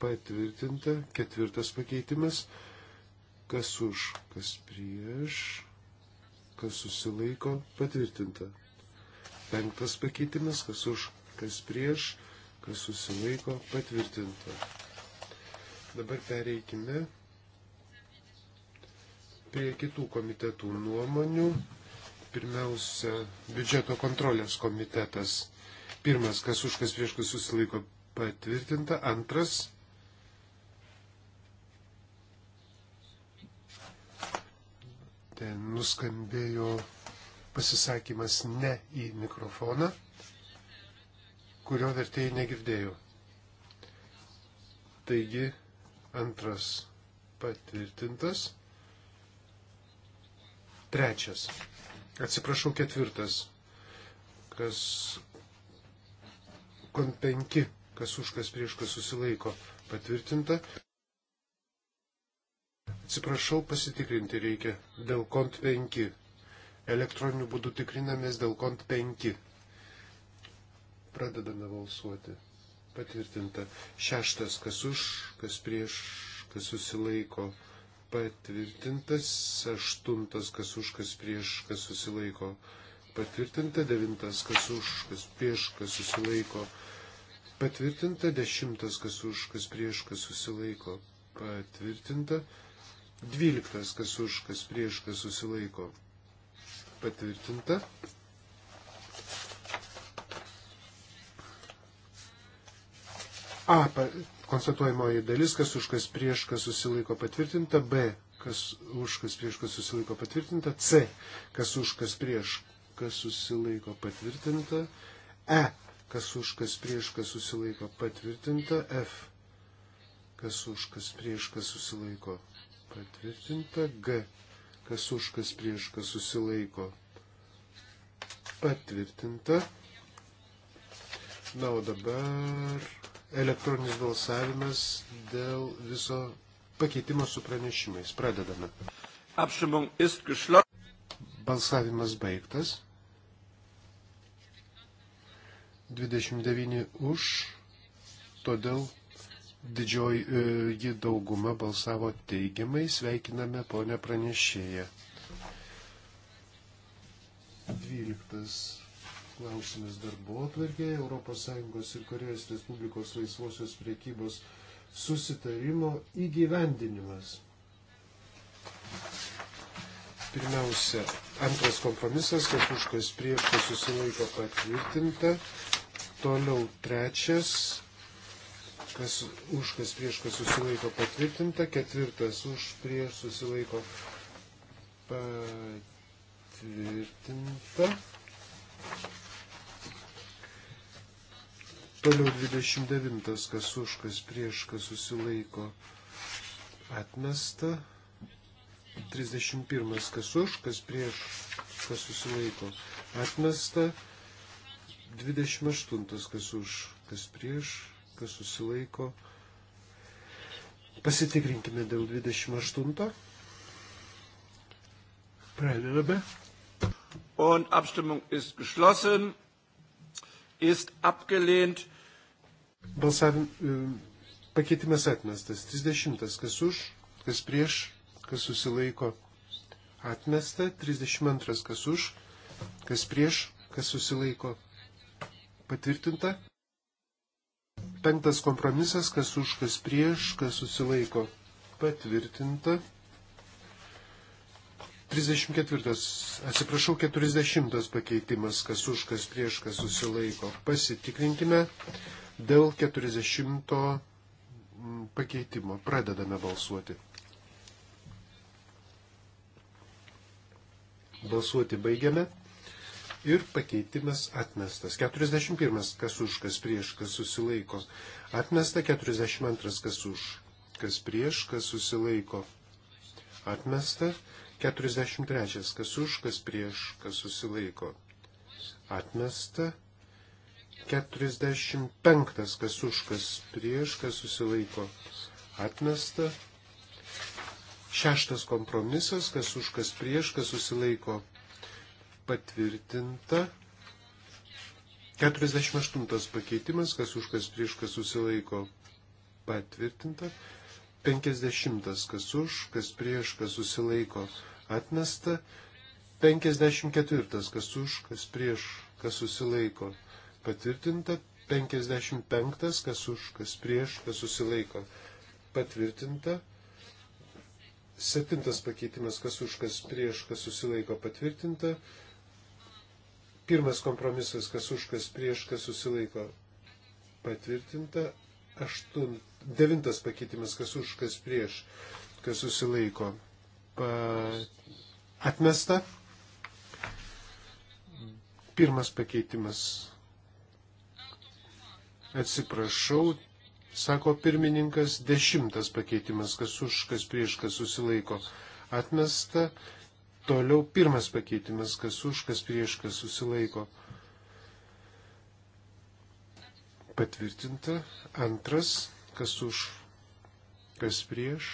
patvirtinta. Ketvirtas pakeitimas, kas už, kas prieš, kas susilaiko patvirtinta. Penktas pakeitimas, kas už, kas prieš, kas susilaiko patvirtinta. Dabar pereikime prie kitų komitetų nuomonių. Pirmiausia, biudžeto kontrolės komitetas. Pirmas, kas už kas prieš kas susilaiko patvirtinta. Antras. Ten nuskambėjo pasisakymas ne į mikrofoną, kurio vertėjai negirdėjo. Taigi antras patvirtintas. Trečias. Atsiprašau, ketvirtas. Kas kon penki, kas už, kas prieš, kas susilaiko. Patvirtinta. Atsiprašau, pasitikrinti reikia dėl kont 5. Elektroniniu būdu tikrinamės dėl kont 5. Pradedame balsuoti. Patvirtinta. Šeštas, kas už, kas prieš, kas susilaiko patvirtintas, aštuntas kas už, kas prieš, kas susilaiko patvirtinta, devintas kas už, kas prieš, kas susilaiko patvirtinta, dešimtas kas už, kas prieš, kas susilaiko patvirtinta, dvyliktas kas už, kas prieš, kas susilaiko patvirtinta. A, pa, konstatuojamoji dalis, kas už kas prieš, kas susilaiko patvirtinta, B, kas už kas prieš, kas susilaiko patvirtinta, C, kas už kas prieš, kas susilaiko patvirtinta, E, kas už kas prieš, kas susilaiko patvirtinta, F, kas už kas prieš, kas susilaiko patvirtinta, G, kas už kas prieš, kas susilaiko patvirtinta. Na, o dabar elektroninis balsavimas dėl viso pakeitimo su pranešimais. Pradedame. Balsavimas baigtas. 29 už, todėl didžioji e, dauguma balsavo teigiamai. Sveikiname ponę pranešėją. 12 klausimas darbo atvarkėje ES ir Korejos Respublikos laisvosios priekybos susitarimo įgyvendinimas. Pirmiausia, antras kompromisas, kas už kas prieš, kas susilaiko patvirtinta. Toliau trečias, kas už kas prieš, kas susilaiko patvirtinta. Ketvirtas už prieš susilaiko patvirtinta. Toliau 29. Kas už, kas prieš, kas susilaiko atmesta. 31. Kas už, kas prieš, kas susilaiko atmesta. 28. Kas už, kas prieš, kas susilaiko. Pasitikrinkime dėl 28. Pradedame. Und Abstimmung ist geschlossen ist abgelehnt. Balsavim, e, pakeitimas atmestas. 30. Kas už, kas prieš, kas susilaiko. Atmesta. 32. Kas už, kas prieš, kas susilaiko. Patvirtinta. Penktas kompromisas, kas už, kas prieš, kas susilaiko. Patvirtinta. 34, atsiprašau, 40 pakeitimas, kas už, kas prieš, kas susilaiko. Pasitikrinkime dėl 40 mm, pakeitimo. Pradedame balsuoti. Balsuoti baigiame. Ir pakeitimas atmestas. 41, kas už, kas prieš, kas susilaiko. Atmesta 42, kas už, kas prieš, kas susilaiko. Atmesta 43. Kas už, kas prieš, kas susilaiko. Atmesta. 45. Kas už, kas prieš, kas susilaiko. Atmesta. Šeštas kompromisas, kas už, kas prieš, kas susilaiko. Patvirtinta. 48. Pakeitimas, kas už, kas prieš, kas susilaiko. Patvirtinta. 50. Kas už, kas prieš, kas susilaiko. Patvirtinta atmesta. 54. Kas už, kas prieš, kas susilaiko. Patvirtinta. 55. Kas už, kas prieš, kas susilaiko. Patvirtinta. Septintas pakeitimas, kas už, kas prieš, kas susilaiko patvirtinta. Pirmas kompromisas, kas už, kas prieš, kas susilaiko patvirtinta. Aštunt... Devintas pakeitimas, kas už, kas prieš, kas susilaiko patvirtinta E, atmesta. Pirmas pakeitimas. Atsiprašau, sako pirmininkas, dešimtas pakeitimas, kas už, kas prieš, kas susilaiko. Atmesta. Toliau pirmas pakeitimas, kas už, kas prieš, kas susilaiko. Patvirtinta. Antras, kas už, kas prieš,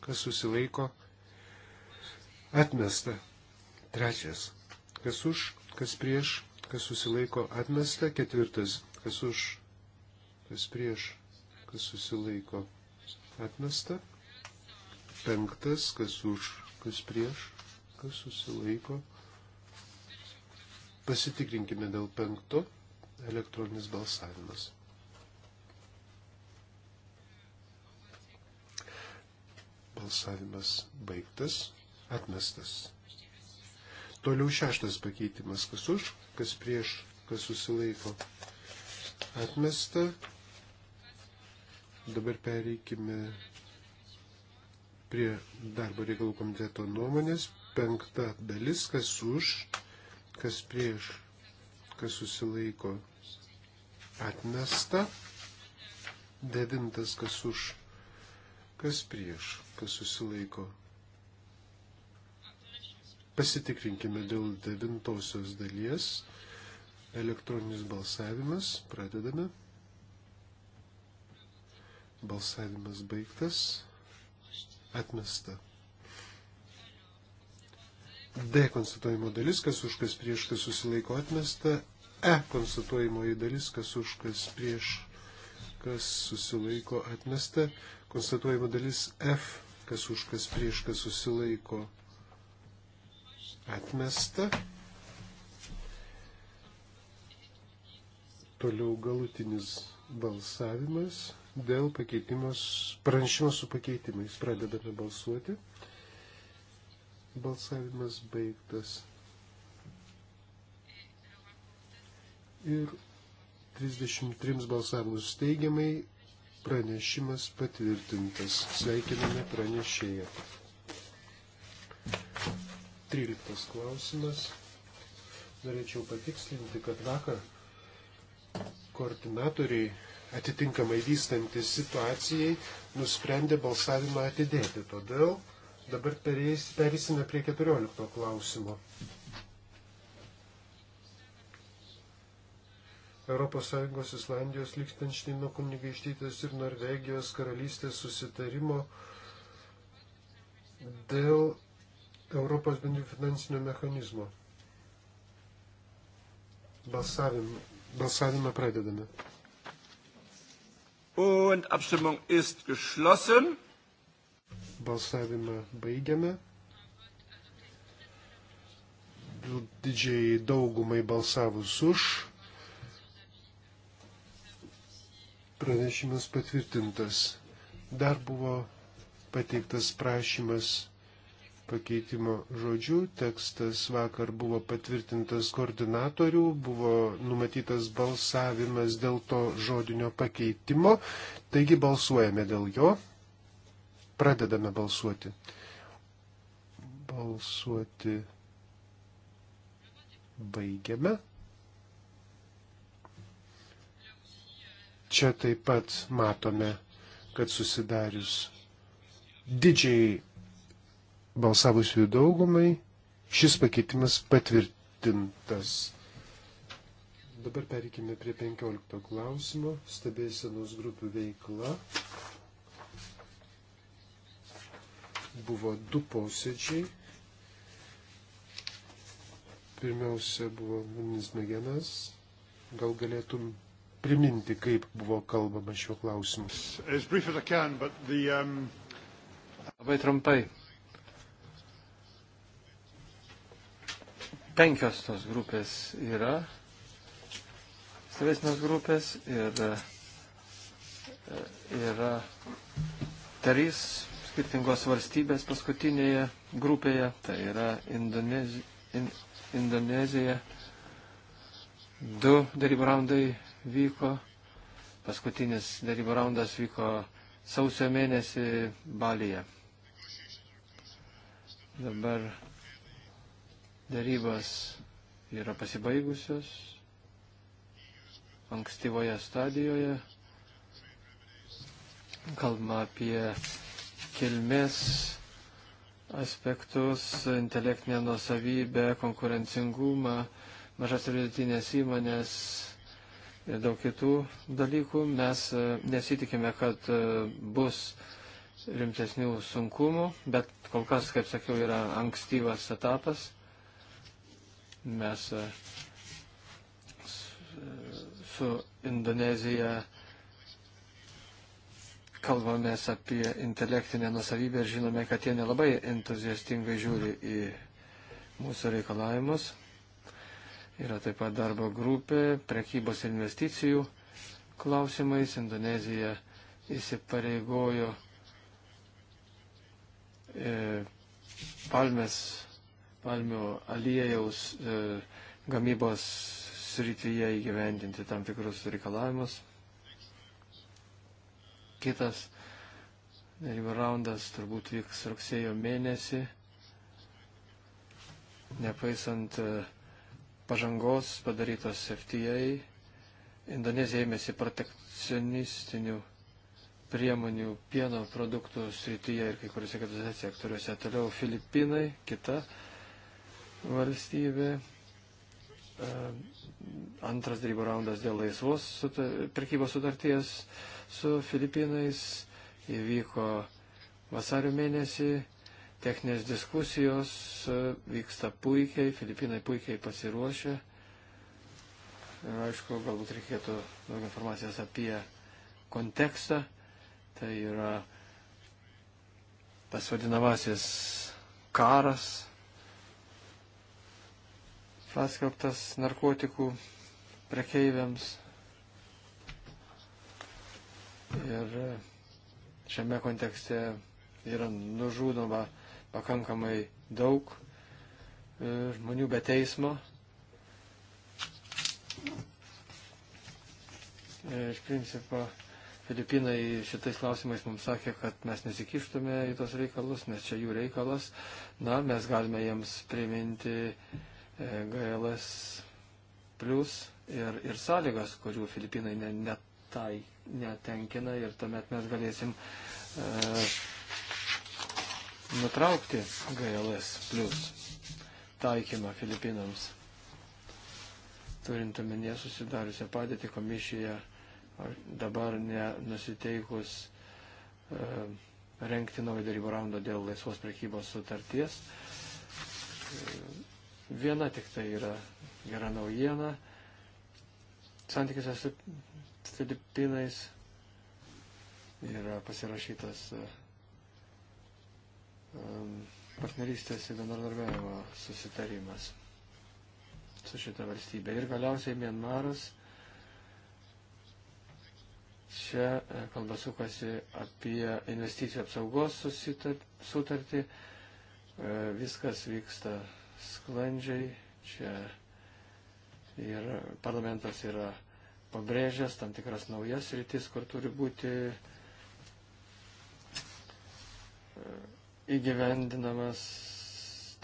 kas susilaiko Atmesta. Trečias. Kas už, kas prieš, kas susilaiko. Atmesta. Ketvirtas. Kas už, kas prieš, kas susilaiko. Atmesta. Penktas. Kas už, kas prieš, kas susilaiko. Pasitikrinkime dėl penkto elektroninis balsavimas. Balsavimas baigtas. Atmestas. Toliau šeštas pakeitimas. Kas už, kas prieš, kas susilaiko. Atmesta. Dabar pereikime prie darbo reikalų komiteto nuomonės. Penkta dalis. Kas už, kas prieš, kas susilaiko. Atmesta. Devintas. Kas už, kas prieš, kas susilaiko. Pasitikrinkime dėl devintosios dalies. Elektroninis balsavimas. Pradedame. Balsavimas baigtas. Atmesta. D konstatuojimo dalis, kas už kas prieš, kas susilaiko atmesta. E konstatuojamoji dalis, kas už kas prieš, kas susilaiko atmesta. Konstatuojama dalis F, kas už kas prieš, kas susilaiko atmesta atmesta. Toliau galutinis balsavimas dėl pakeitimos, pranešimo su pakeitimais. Pradedame balsuoti. Balsavimas baigtas. Ir 33 balsavimus teigiamai pranešimas patvirtintas. Sveikiname pranešėją. 13 klausimas. Norėčiau patikslinti, kad vakar koordinatoriai atitinkamai vystantis situacijai nusprendė balsavimą atidėti. Todėl dabar perėsime prie 14 klausimo. ES Islandijos Lichtenšteino kunigaištytės ir Norvegijos karalystės susitarimo dėl Europos bendrių finansinio mechanizmo. Balsavimą, balsavimą pradedame. Und Abstimmung ist geschlossen. Balsavimą baigiame. Didžiai daugumai balsavus už. Pranešimas patvirtintas. Dar buvo pateiktas prašymas pakeitimo žodžių. Tekstas vakar buvo patvirtintas koordinatorių, buvo numatytas balsavimas dėl to žodinio pakeitimo, taigi balsuojame dėl jo, pradedame balsuoti. Balsuoti baigiame. Čia taip pat matome, kad susidarius didžiai balsavusiųjų daugumai šis pakeitimas patvirtintas. Dabar pereikime prie 15 klausimo. Stebėsenos grupių veikla. Buvo du posėdžiai. Pirmiausia buvo Nunis Nagenas. Gal galėtum priminti, kaip buvo kalbama šiuo klausimu? Um, Labai trumpai. penkios tos grupės yra, stebėsinos grupės ir e, yra trys skirtingos valstybės paskutinėje grupėje, tai yra Indonezi, in, Indonezija. Du darybų raundai vyko, paskutinis darybų raundas vyko sausio mėnesį Balyje. Dabar Darybos yra pasibaigusios ankstyvoje stadijoje. Kalbama apie kilmės aspektus, intelektinę nusavybę, konkurencingumą, mažas ir vidutinės įmonės ir daug kitų dalykų. Mes e, nesitikime, kad e, bus rimtesnių sunkumų, bet kol kas, kaip sakiau, yra ankstyvas etapas. Mes e, su Indonezija kalbamės apie intelektinę nusavybę ir žinome, kad jie nelabai entuziastingai žiūri į mūsų reikalavimus. Yra taip pat darbo grupė prekybos ir investicijų klausimais. Indonezija įsipareigojo e, palmės palmių aliejaus e, gamybos srityje įgyvendinti tam tikrus reikalavimus. Kitas derybų raundas turbūt vyks rugsėjo mėnesį, nepaisant e, pažangos padarytos FTA. Indonezija ėmėsi protekcionistinių priemonių pieno produktų srityje ir kai kuriuose kitose sektoriuose. Toliau Filipinai, kita valstybė. E, antras darybų raundas dėl laisvos prekybos sutarties su Filipinais įvyko vasario mėnesį. Techninės diskusijos e, vyksta puikiai, Filipinai puikiai pasiruošė. Ir e, aišku, galbūt reikėtų daug informacijos apie kontekstą. Tai yra tas vadinamasis karas paskelbtas narkotikų prekeiviams. Ir šiame kontekste yra nužudoma pakankamai daug e, žmonių be teismo. E, iš principo, Filipinai šitais klausimais mums sakė, kad mes nesikištume į tos reikalus, nes čia jų reikalas. Na, mes galime jiems priminti E, GLS plus ir, ir sąlygas, kurių Filipinai ne, ne tai netenkina ir tuomet mes galėsim e, nutraukti GLS plus taikymą Filipinams. Turint omenyje susidariusią padėtį komisiją dabar nenusiteikus e, renkti naują darybų raundą dėl laisvos prekybos sutarties. E, Viena tik tai yra gera naujiena. Santykiuose su Filipinais yra pasirašytas e, partnerystės ir bendradarbiavimo susitarimas su šita valstybė. Ir galiausiai Mienmaras čia e, kalba sukasi apie investicijų apsaugos sutartį. E, viskas vyksta sklandžiai. Čia ir parlamentas yra pabrėžęs tam tikras naujas rytis, kur turi būti e, įgyvendinamas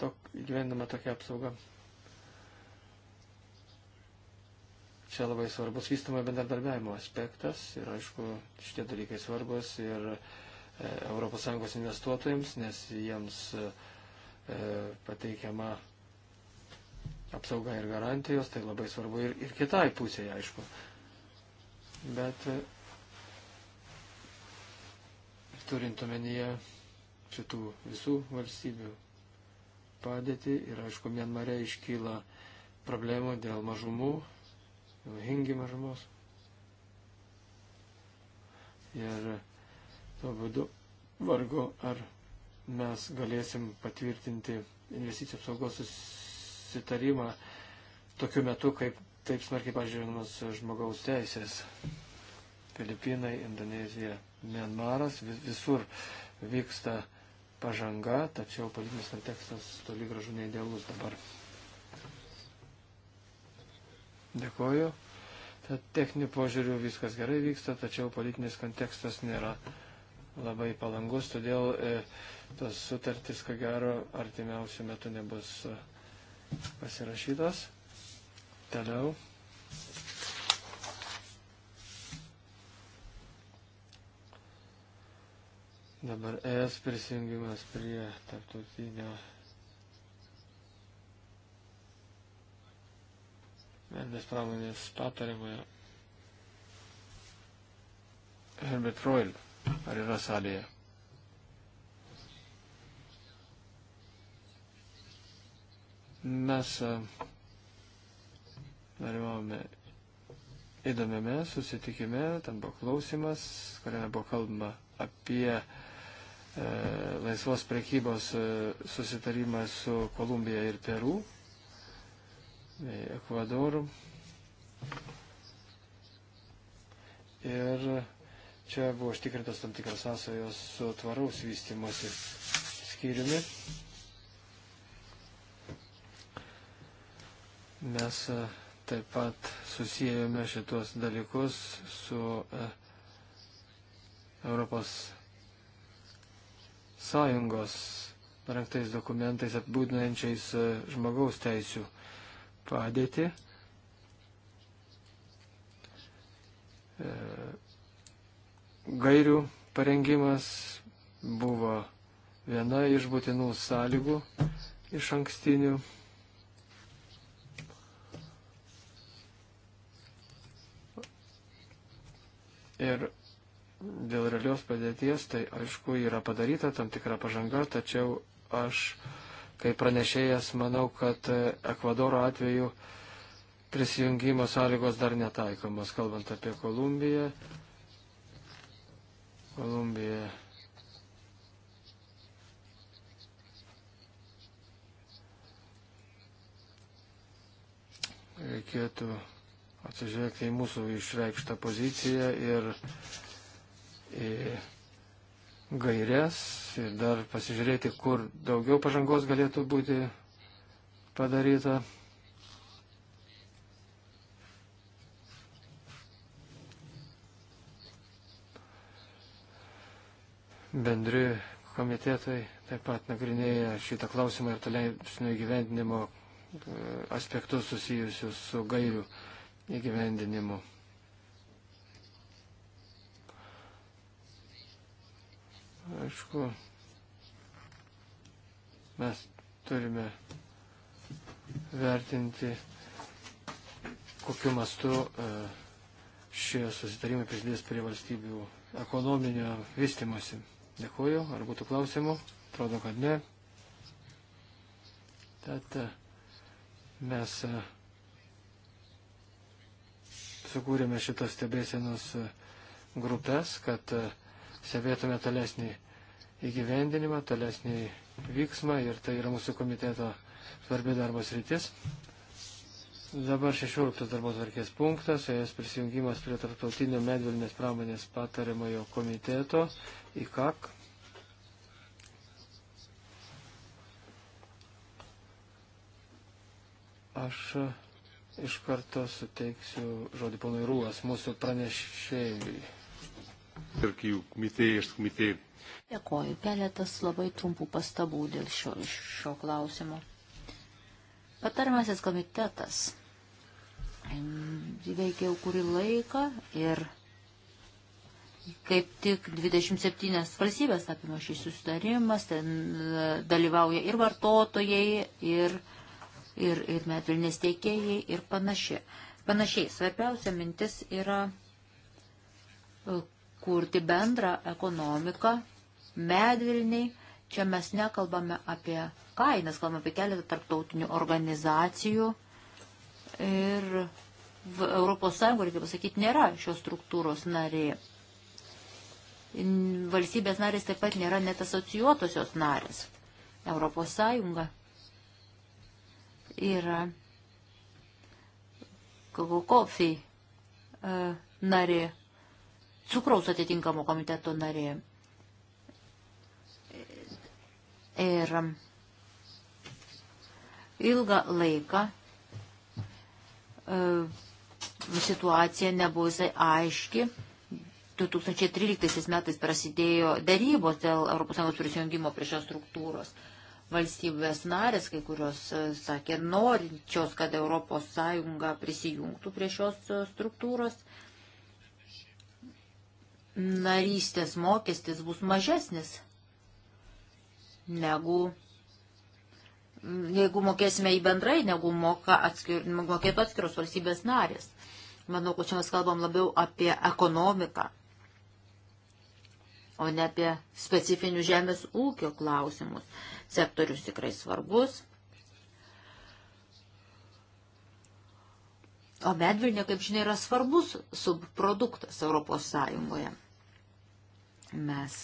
tok, įgyvendinama tokia apsauga. Čia labai svarbus vystamojo bendradarbiavimo aspektas ir aišku šitie dalykai svarbus ir ES investuotojams, nes jiems e, E, pateikiama apsauga ir garantijos, tai labai svarbu ir, ir kitai pusėje, aišku. Bet e, turint omenyje šitų visų valstybių padėtį ir aišku, Mienmare iškyla problemų dėl mažumų, hingi mažumos. Ir tuo būdu vargu ar mes galėsim patvirtinti investicijų apsaugos susitarimą tokiu metu, kaip taip smarkiai pažiūrėjimas žmogaus teisės. Filipinai, Indonezija, Mianmaras, vis, visur vyksta pažanga, tačiau politinis kontekstas toli gražu neįdėlus dabar. Dėkoju. Tad techniniu požiūriu viskas gerai vyksta, tačiau politinis kontekstas nėra labai palangus, todėl e, tas sutartis, ko gero, artimiausių metų nebus e, pasirašytas. Toliau. Dabar ES prisijungimas prie tarptautinio meninės pramonės patarimoje Herbert Roil. Ar yra salėje? Mes e, dalyvavome įdomiame susitikime, ten buvo klausimas, kuriame buvo kalbama apie e, laisvos prekybos e, susitarimą su Kolumbija ir Peru, bei Ekvadoru. Ir Čia buvo užtikrintos tam tikras sąsajos su tvaraus vystimosi skyriumi. Mes e, taip pat susijėjome šitos dalykus su e, Europos Sąjungos parengtais dokumentais apbūdinančiais e, žmogaus teisių padėti. E, gairių parengimas buvo viena iš būtinų sąlygų iš ankstinių. Ir dėl realios padėties, tai aišku, yra padaryta tam tikra pažanga, tačiau aš, kaip pranešėjas, manau, kad Ekvadoro atveju prisijungimo sąlygos dar netaikomos, kalbant apie Kolumbiją. Kolumbija. Reikėtų atsižvelgti į mūsų išreikštą poziciją ir į gairias ir dar pasižiūrėti, kur daugiau pažangos galėtų būti padaryta. Bendri komitetai taip pat nagrinėja šitą klausimą ir tolesnio įgyvendinimo e, aspektus susijusius su gairių įgyvendinimu. Aišku, mes turime vertinti, kokiu mastu e, šie susitarimai prisidės prie valstybių ekonominio vystimosi. Dėkuoju. Ar būtų klausimų? Atrodo, kad ne. Tad e, mes e, sukūrėme šitas stebėsienos e, grupės, kad stebėtume tolesnį įgyvendinimą, tolesnį vyksmą ir tai yra mūsų komiteto svarbi darbos rytis. Dabar 16 darbos varkės punktas, ES prisijungimas prie tarptautinio medvilnės pramonės patariamojo komiteto, IKAK. Aš e, iš karto suteiksiu žodį ponui Rūvas, mūsų pranešėjui. Dėkoju, keletas labai trumpų pastabų dėl šio, šio klausimo. Patarimasis komitetas veikia jau kurį laiką ir kaip tik 27 valstybės apima šį susidarimas, ten e, dalyvauja ir vartotojai, ir, ir, ir medvilnės tiekėjai ir panašiai. Panašiai, svarbiausia mintis yra e, kurti bendrą ekonomiką medvilniai. Čia mes nekalbame apie kainas, kalbame apie keletą tarptautinių organizacijų ir Europos Sąjunga, reikia pasakyti, nėra šios struktūros narė. Valstybės narės taip pat nėra net asocijuotosios narės. Europos Sąjunga yra kofi e, narė, cukraus atitinkamo komiteto narė. Ir ilgą laiką e, situacija nebuvo visai aiški. 2013 metais prasidėjo darybos dėl ES prisijungimo prie šios struktūros. Valstybės narės, kai kurios e, sakė, norinčios, kad ES prisijungtų prie šios e, struktūros, narystės mokestis bus mažesnis negu jeigu mokėsime į bendrai, negu moka atskir, mokėtų atskiros valstybės narės. Manau, kad čia mes kalbam labiau apie ekonomiką, o ne apie specifinius žemės ūkio klausimus. Sektorius tikrai svarbus. O medvilnė, kaip žinia, yra svarbus subproduktas Europos Sąjungoje. Mes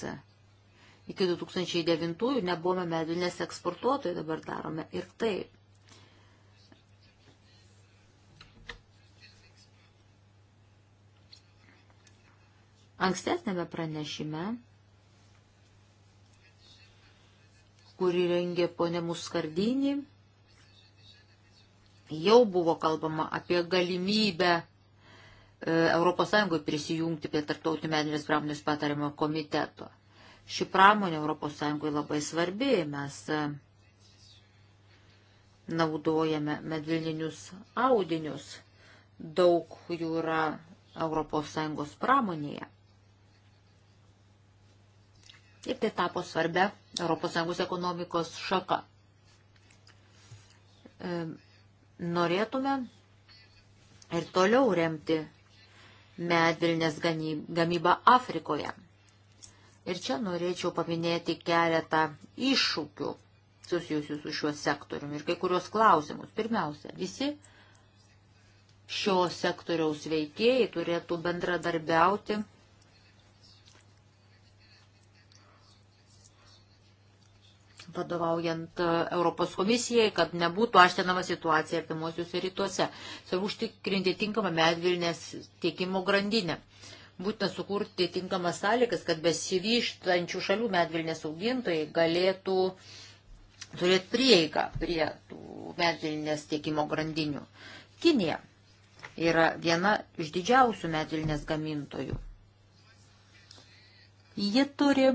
Iki 2009 nebuvome medvilnės eksportuotojai, dabar darome ir taip. Ankstesnėme pranešime, kurį rengė ponė Muskardinį, jau buvo kalbama apie galimybę ES prisijungti prie tarptautinių medinės pramonės patariamo komiteto. Ši pramonė ES labai svarbi, mes e, naudojame medvilninius audinius, daug jų yra ES pramonėje. Ir tai tapo svarbia ES ekonomikos šaka. E, norėtume ir toliau remti medvilnės gamybą Afrikoje. Ir čia norėčiau paminėti keletą iššūkių susijusių su šiuo sektoriumi ir kai kurios klausimus. Pirmiausia, visi šio sektoriaus veikėjai turėtų bendradarbiauti vadovaujant Europos komisijai, kad nebūtų aštinama situacija artimuosiuose rytuose. Svarbu užtikrinti tinkamą medvilnės tiekimo grandinę. Būtina sukurti tinkamas sąlygas, kad besivyštančių šalių medvilnės augintojai galėtų turėti prieigą prie tų medvilnės tiekimo grandinių. Kinija yra viena iš didžiausių medvilnės gamintojų. Ji turi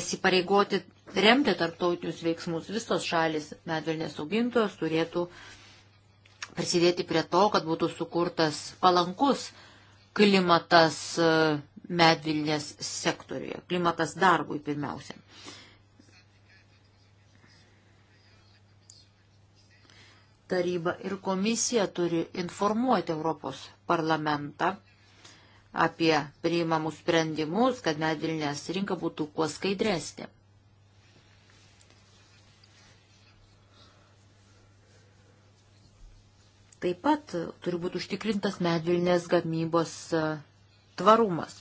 įsipareigoti remti tarptautinius veiksmus. Visos šalis medvilnės augintojos turėtų uh, prisidėti prie to, kad būtų sukurtas palankus klimatas e, medvilnės sektoriuje, klimatas darbui pirmiausia. Taryba ir komisija turi informuoti Europos parlamentą apie priimamus sprendimus, kad medvilnės rinka būtų kuo skaidresnė. Taip pat turi būti užtikrintas medvilnės gamybos e, tvarumas.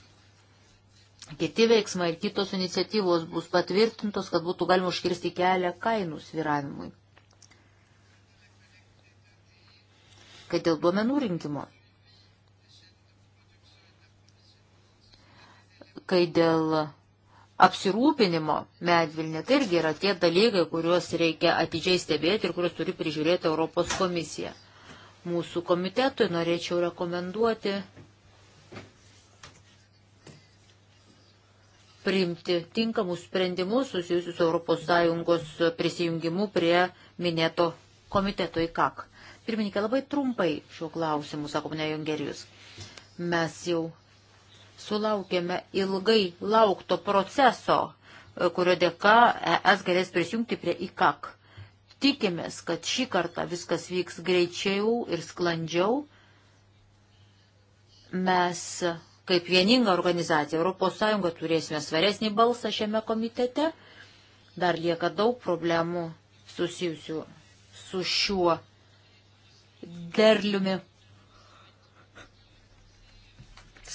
Kiti veiksmai ir kitos iniciatyvos bus patvirtintos, kad būtų galima užkirsti kelią kainų sviravimui. Kai dėl duomenų rinkimo, kai dėl apsirūpinimo medvilnė, tai irgi yra tie dalykai, kuriuos reikia atidžiai stebėti ir kuriuos turi prižiūrėti Europos komisija mūsų komitetui norėčiau rekomenduoti priimti tinkamus sprendimus susijusius ES prisijungimu prie minėto komiteto IKAK. Pirmininkė, labai trumpai šiuo klausimu, sako ne Jungerijus. Mes jau sulaukėme ilgai laukto proceso, kurio dėka ES galės prisijungti prie IKAK. Tikimės, kad šį kartą viskas vyks greičiau ir sklandžiau. Mes kaip vieninga organizacija ES turėsime svaresnį balsą šiame komitete. Dar lieka daug problemų susijusių su šiuo derliumi.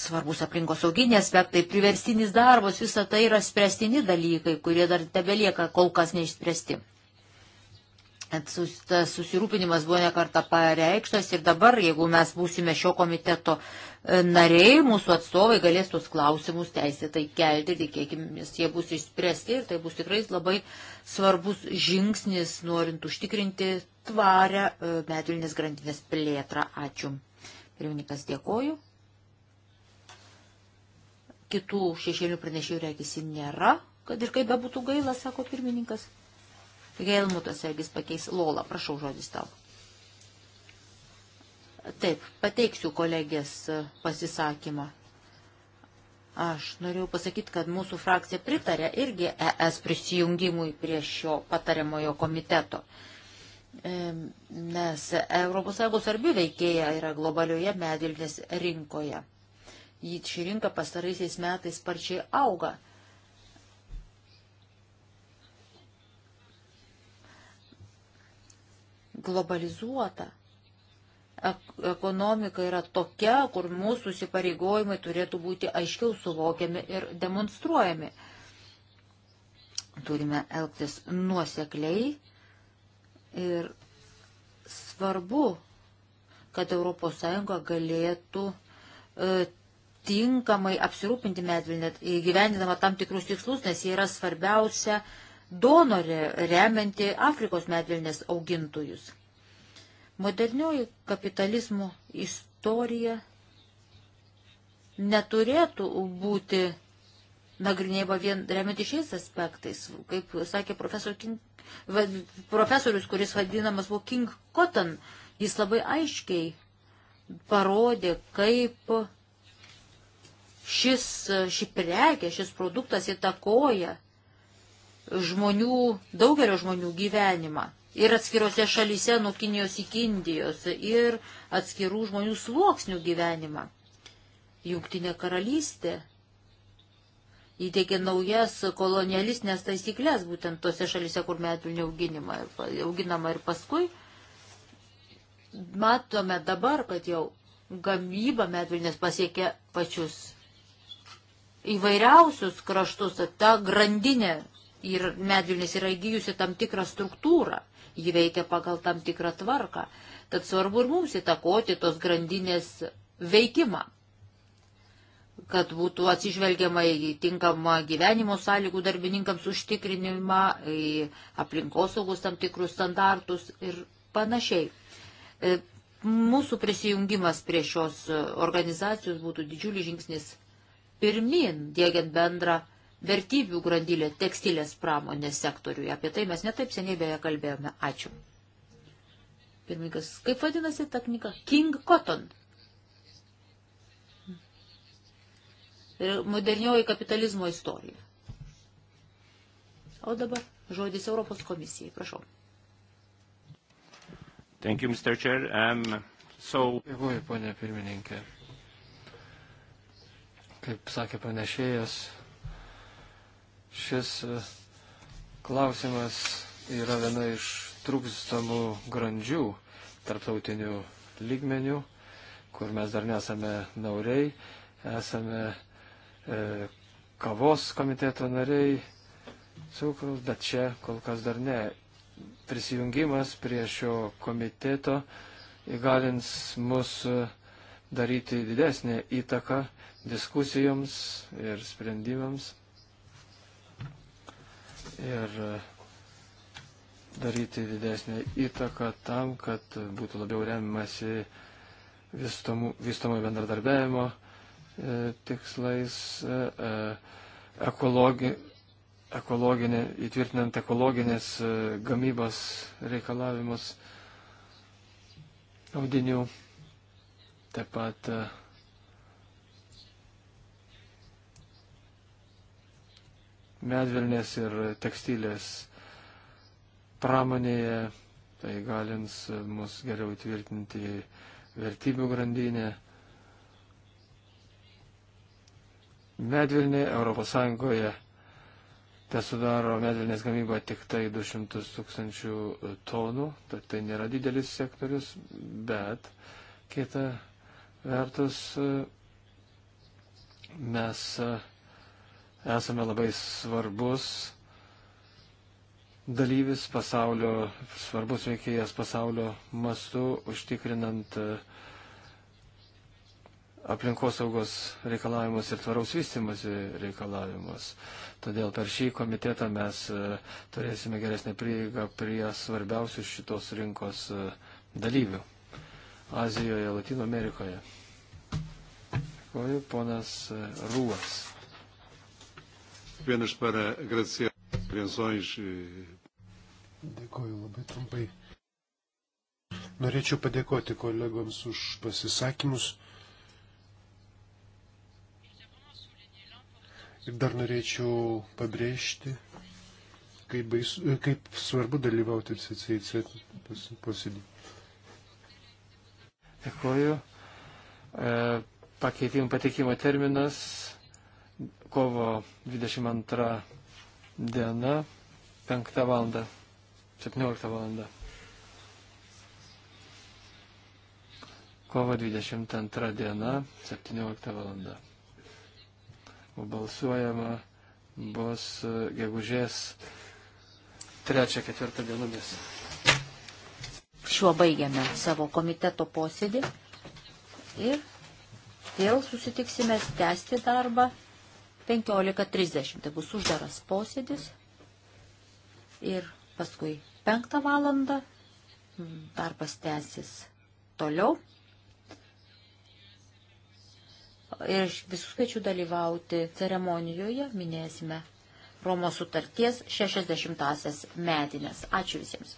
Svarbus aplinkos sauginiai aspektai, priverstinis darbas, visa tai yra spręstini dalykai, kurie dar tebelieka kol kas neišspręsti sus, tas susirūpinimas buvo nekarta pareikštas ir dabar, jeigu mes būsime šio komiteto e, nariai, mūsų atstovai galės tos klausimus teisėtai kelti, tikėkime, jie bus išspręsti ir tai bus tikrai labai svarbus žingsnis, norint užtikrinti tvarę e, medvilnės grandinės plėtrą. Ačiū. Pirmininkas dėkoju. Kitų šešėlių pranešėjų reikisi nėra, kad ir kaip bebūtų gaila, sako pirmininkas. Helmutas Egis pakeis Lola, prašau žodis tau. Taip, pateiksiu kolegės pasisakymą. Aš norėjau pasakyti, kad mūsų frakcija pritarė irgi ES prisijungimui prie šio patariamojo komiteto. E, nes ES svarbi veikėja yra globalioje medvilnės rinkoje. Ši rinka pastaraisiais metais sparčiai auga. globalizuota. Ekonomika yra tokia, kur mūsų įsipareigojimai turėtų būti aiškiau suvokiami ir demonstruojami. Turime elgtis nuosekliai ir svarbu, kad ES galėtų e, tinkamai apsirūpinti medvilnę, įgyvendinama tam tikrus tikslus, nes jie yra svarbiausia e, donorė remianti Afrikos medvilnės augintojus. Modernioji kapitalizmo istorija neturėtų būti nagrinėjama vien remianti šiais aspektais, kaip sakė profesor King, profesorius, kuris vadinamas buvo King Cotton, jis labai aiškiai parodė, kaip šis, ši prekė, šis produktas įtakoja žmonių, daugelio žmonių gyvenimą. Ir atskirose šalyse nuo Kinijos iki Indijos, ir atskirų žmonių sluoksnių gyvenimą. Jungtinė karalystė įteikė naujas kolonialistinės taisyklės būtent tose šalyse, kur medvilnių auginama ir paskui. Matome dabar, kad jau gamyba medvilnės pasiekė pačius įvairiausius kraštus, ta grandinė ir medvilnis yra įgyjusi tam tikrą struktūrą, ji veikia pagal tam tikrą tvarką. Tad svarbu ir mums įtakoti tos grandinės veikimą, kad būtų atsižvelgiama į tinkamą gyvenimo sąlygų darbininkams užtikrinimą, į aplinkosaugus tam tikrus standartus ir panašiai. E, mūsų prisijungimas prie šios organizacijos būtų didžiulis žingsnis pirmin, dėgiant bendrą vertybių grandilė tekstilės pramonės sektoriuje. Apie tai mes netaip seniai beje kalbėjome. Ačiū. Pirmininkas, kaip vadinasi ta knyga? King Cotton. Modernioji kapitalizmo istorija. O dabar žodis Europos komisijai. Prašau. Thank you, Mr. Chair. Um, so... Dėkuoju, ponė pirmininkė. Kaip sakė pranešėjas, Šis e, klausimas yra viena iš trūkstamų grandžių tarptautinių lygmenių, kur mes dar nesame nauriai, esame e, kavos komiteto nariai, cukraus, bet čia kol kas dar ne. Prisijungimas prie šio komiteto įgalins mus e, daryti didesnę įtaką diskusijoms ir sprendimams ir e, daryti didesnę įtaką tam, kad būtų labiau remiamasi vystomo bendradarbiavimo e, tikslais, e, ekologi, ekologinė, įtvirtinant ekologinės gamybos reikalavimus audinių, taip pat medvilnės ir tekstilės pramonėje. Tai galins mus geriau įtvirtinti vertybių grandinę. Medvilnė Europos Sąjungoje te sudaro medvilnės gamyba tik tai 200 tūkstančių tonų, tad tai nėra didelis sektorius, bet kita vertus mes esame labai svarbus dalyvis pasaulio, svarbus veikėjas pasaulio mastu, užtikrinant e, aplinkosaugos reikalavimus ir tvaraus vystimosi reikalavimus. Todėl per šį komitetą mes e, turėsime geresnį prieigą prie svarbiausių šitos rinkos e, dalyvių Azijoje, Latino Amerikoje. Dėkuoju, ponas Rūvas apenas para agradecer as intervenções. Eh, Dėkoju labai trumpai. Norėčiau padėkoti kolegoms už pasisakymus. Ir dar norėčiau pabrėžti, kaip, bais, e, kaip svarbu dalyvauti CCC posėdį. Dėkuoju. E, pakeitimų pateikimo terminas kovo 22 diena, 5 val. 17 val. Kovo 22 diena, 17 val. O balsuojama bus e, gegužės 3-4 dienomis. Šiuo baigiame savo komiteto posėdį ir vėl susitiksime tęsti darbą 15.30 tai bus uždaras posėdis ir paskui 5 valandą darbas tęsis toliau. Ir visus kviečiu dalyvauti ceremonijoje, minėsime Romos sutarties 60-asias metinės. Ačiū visiems.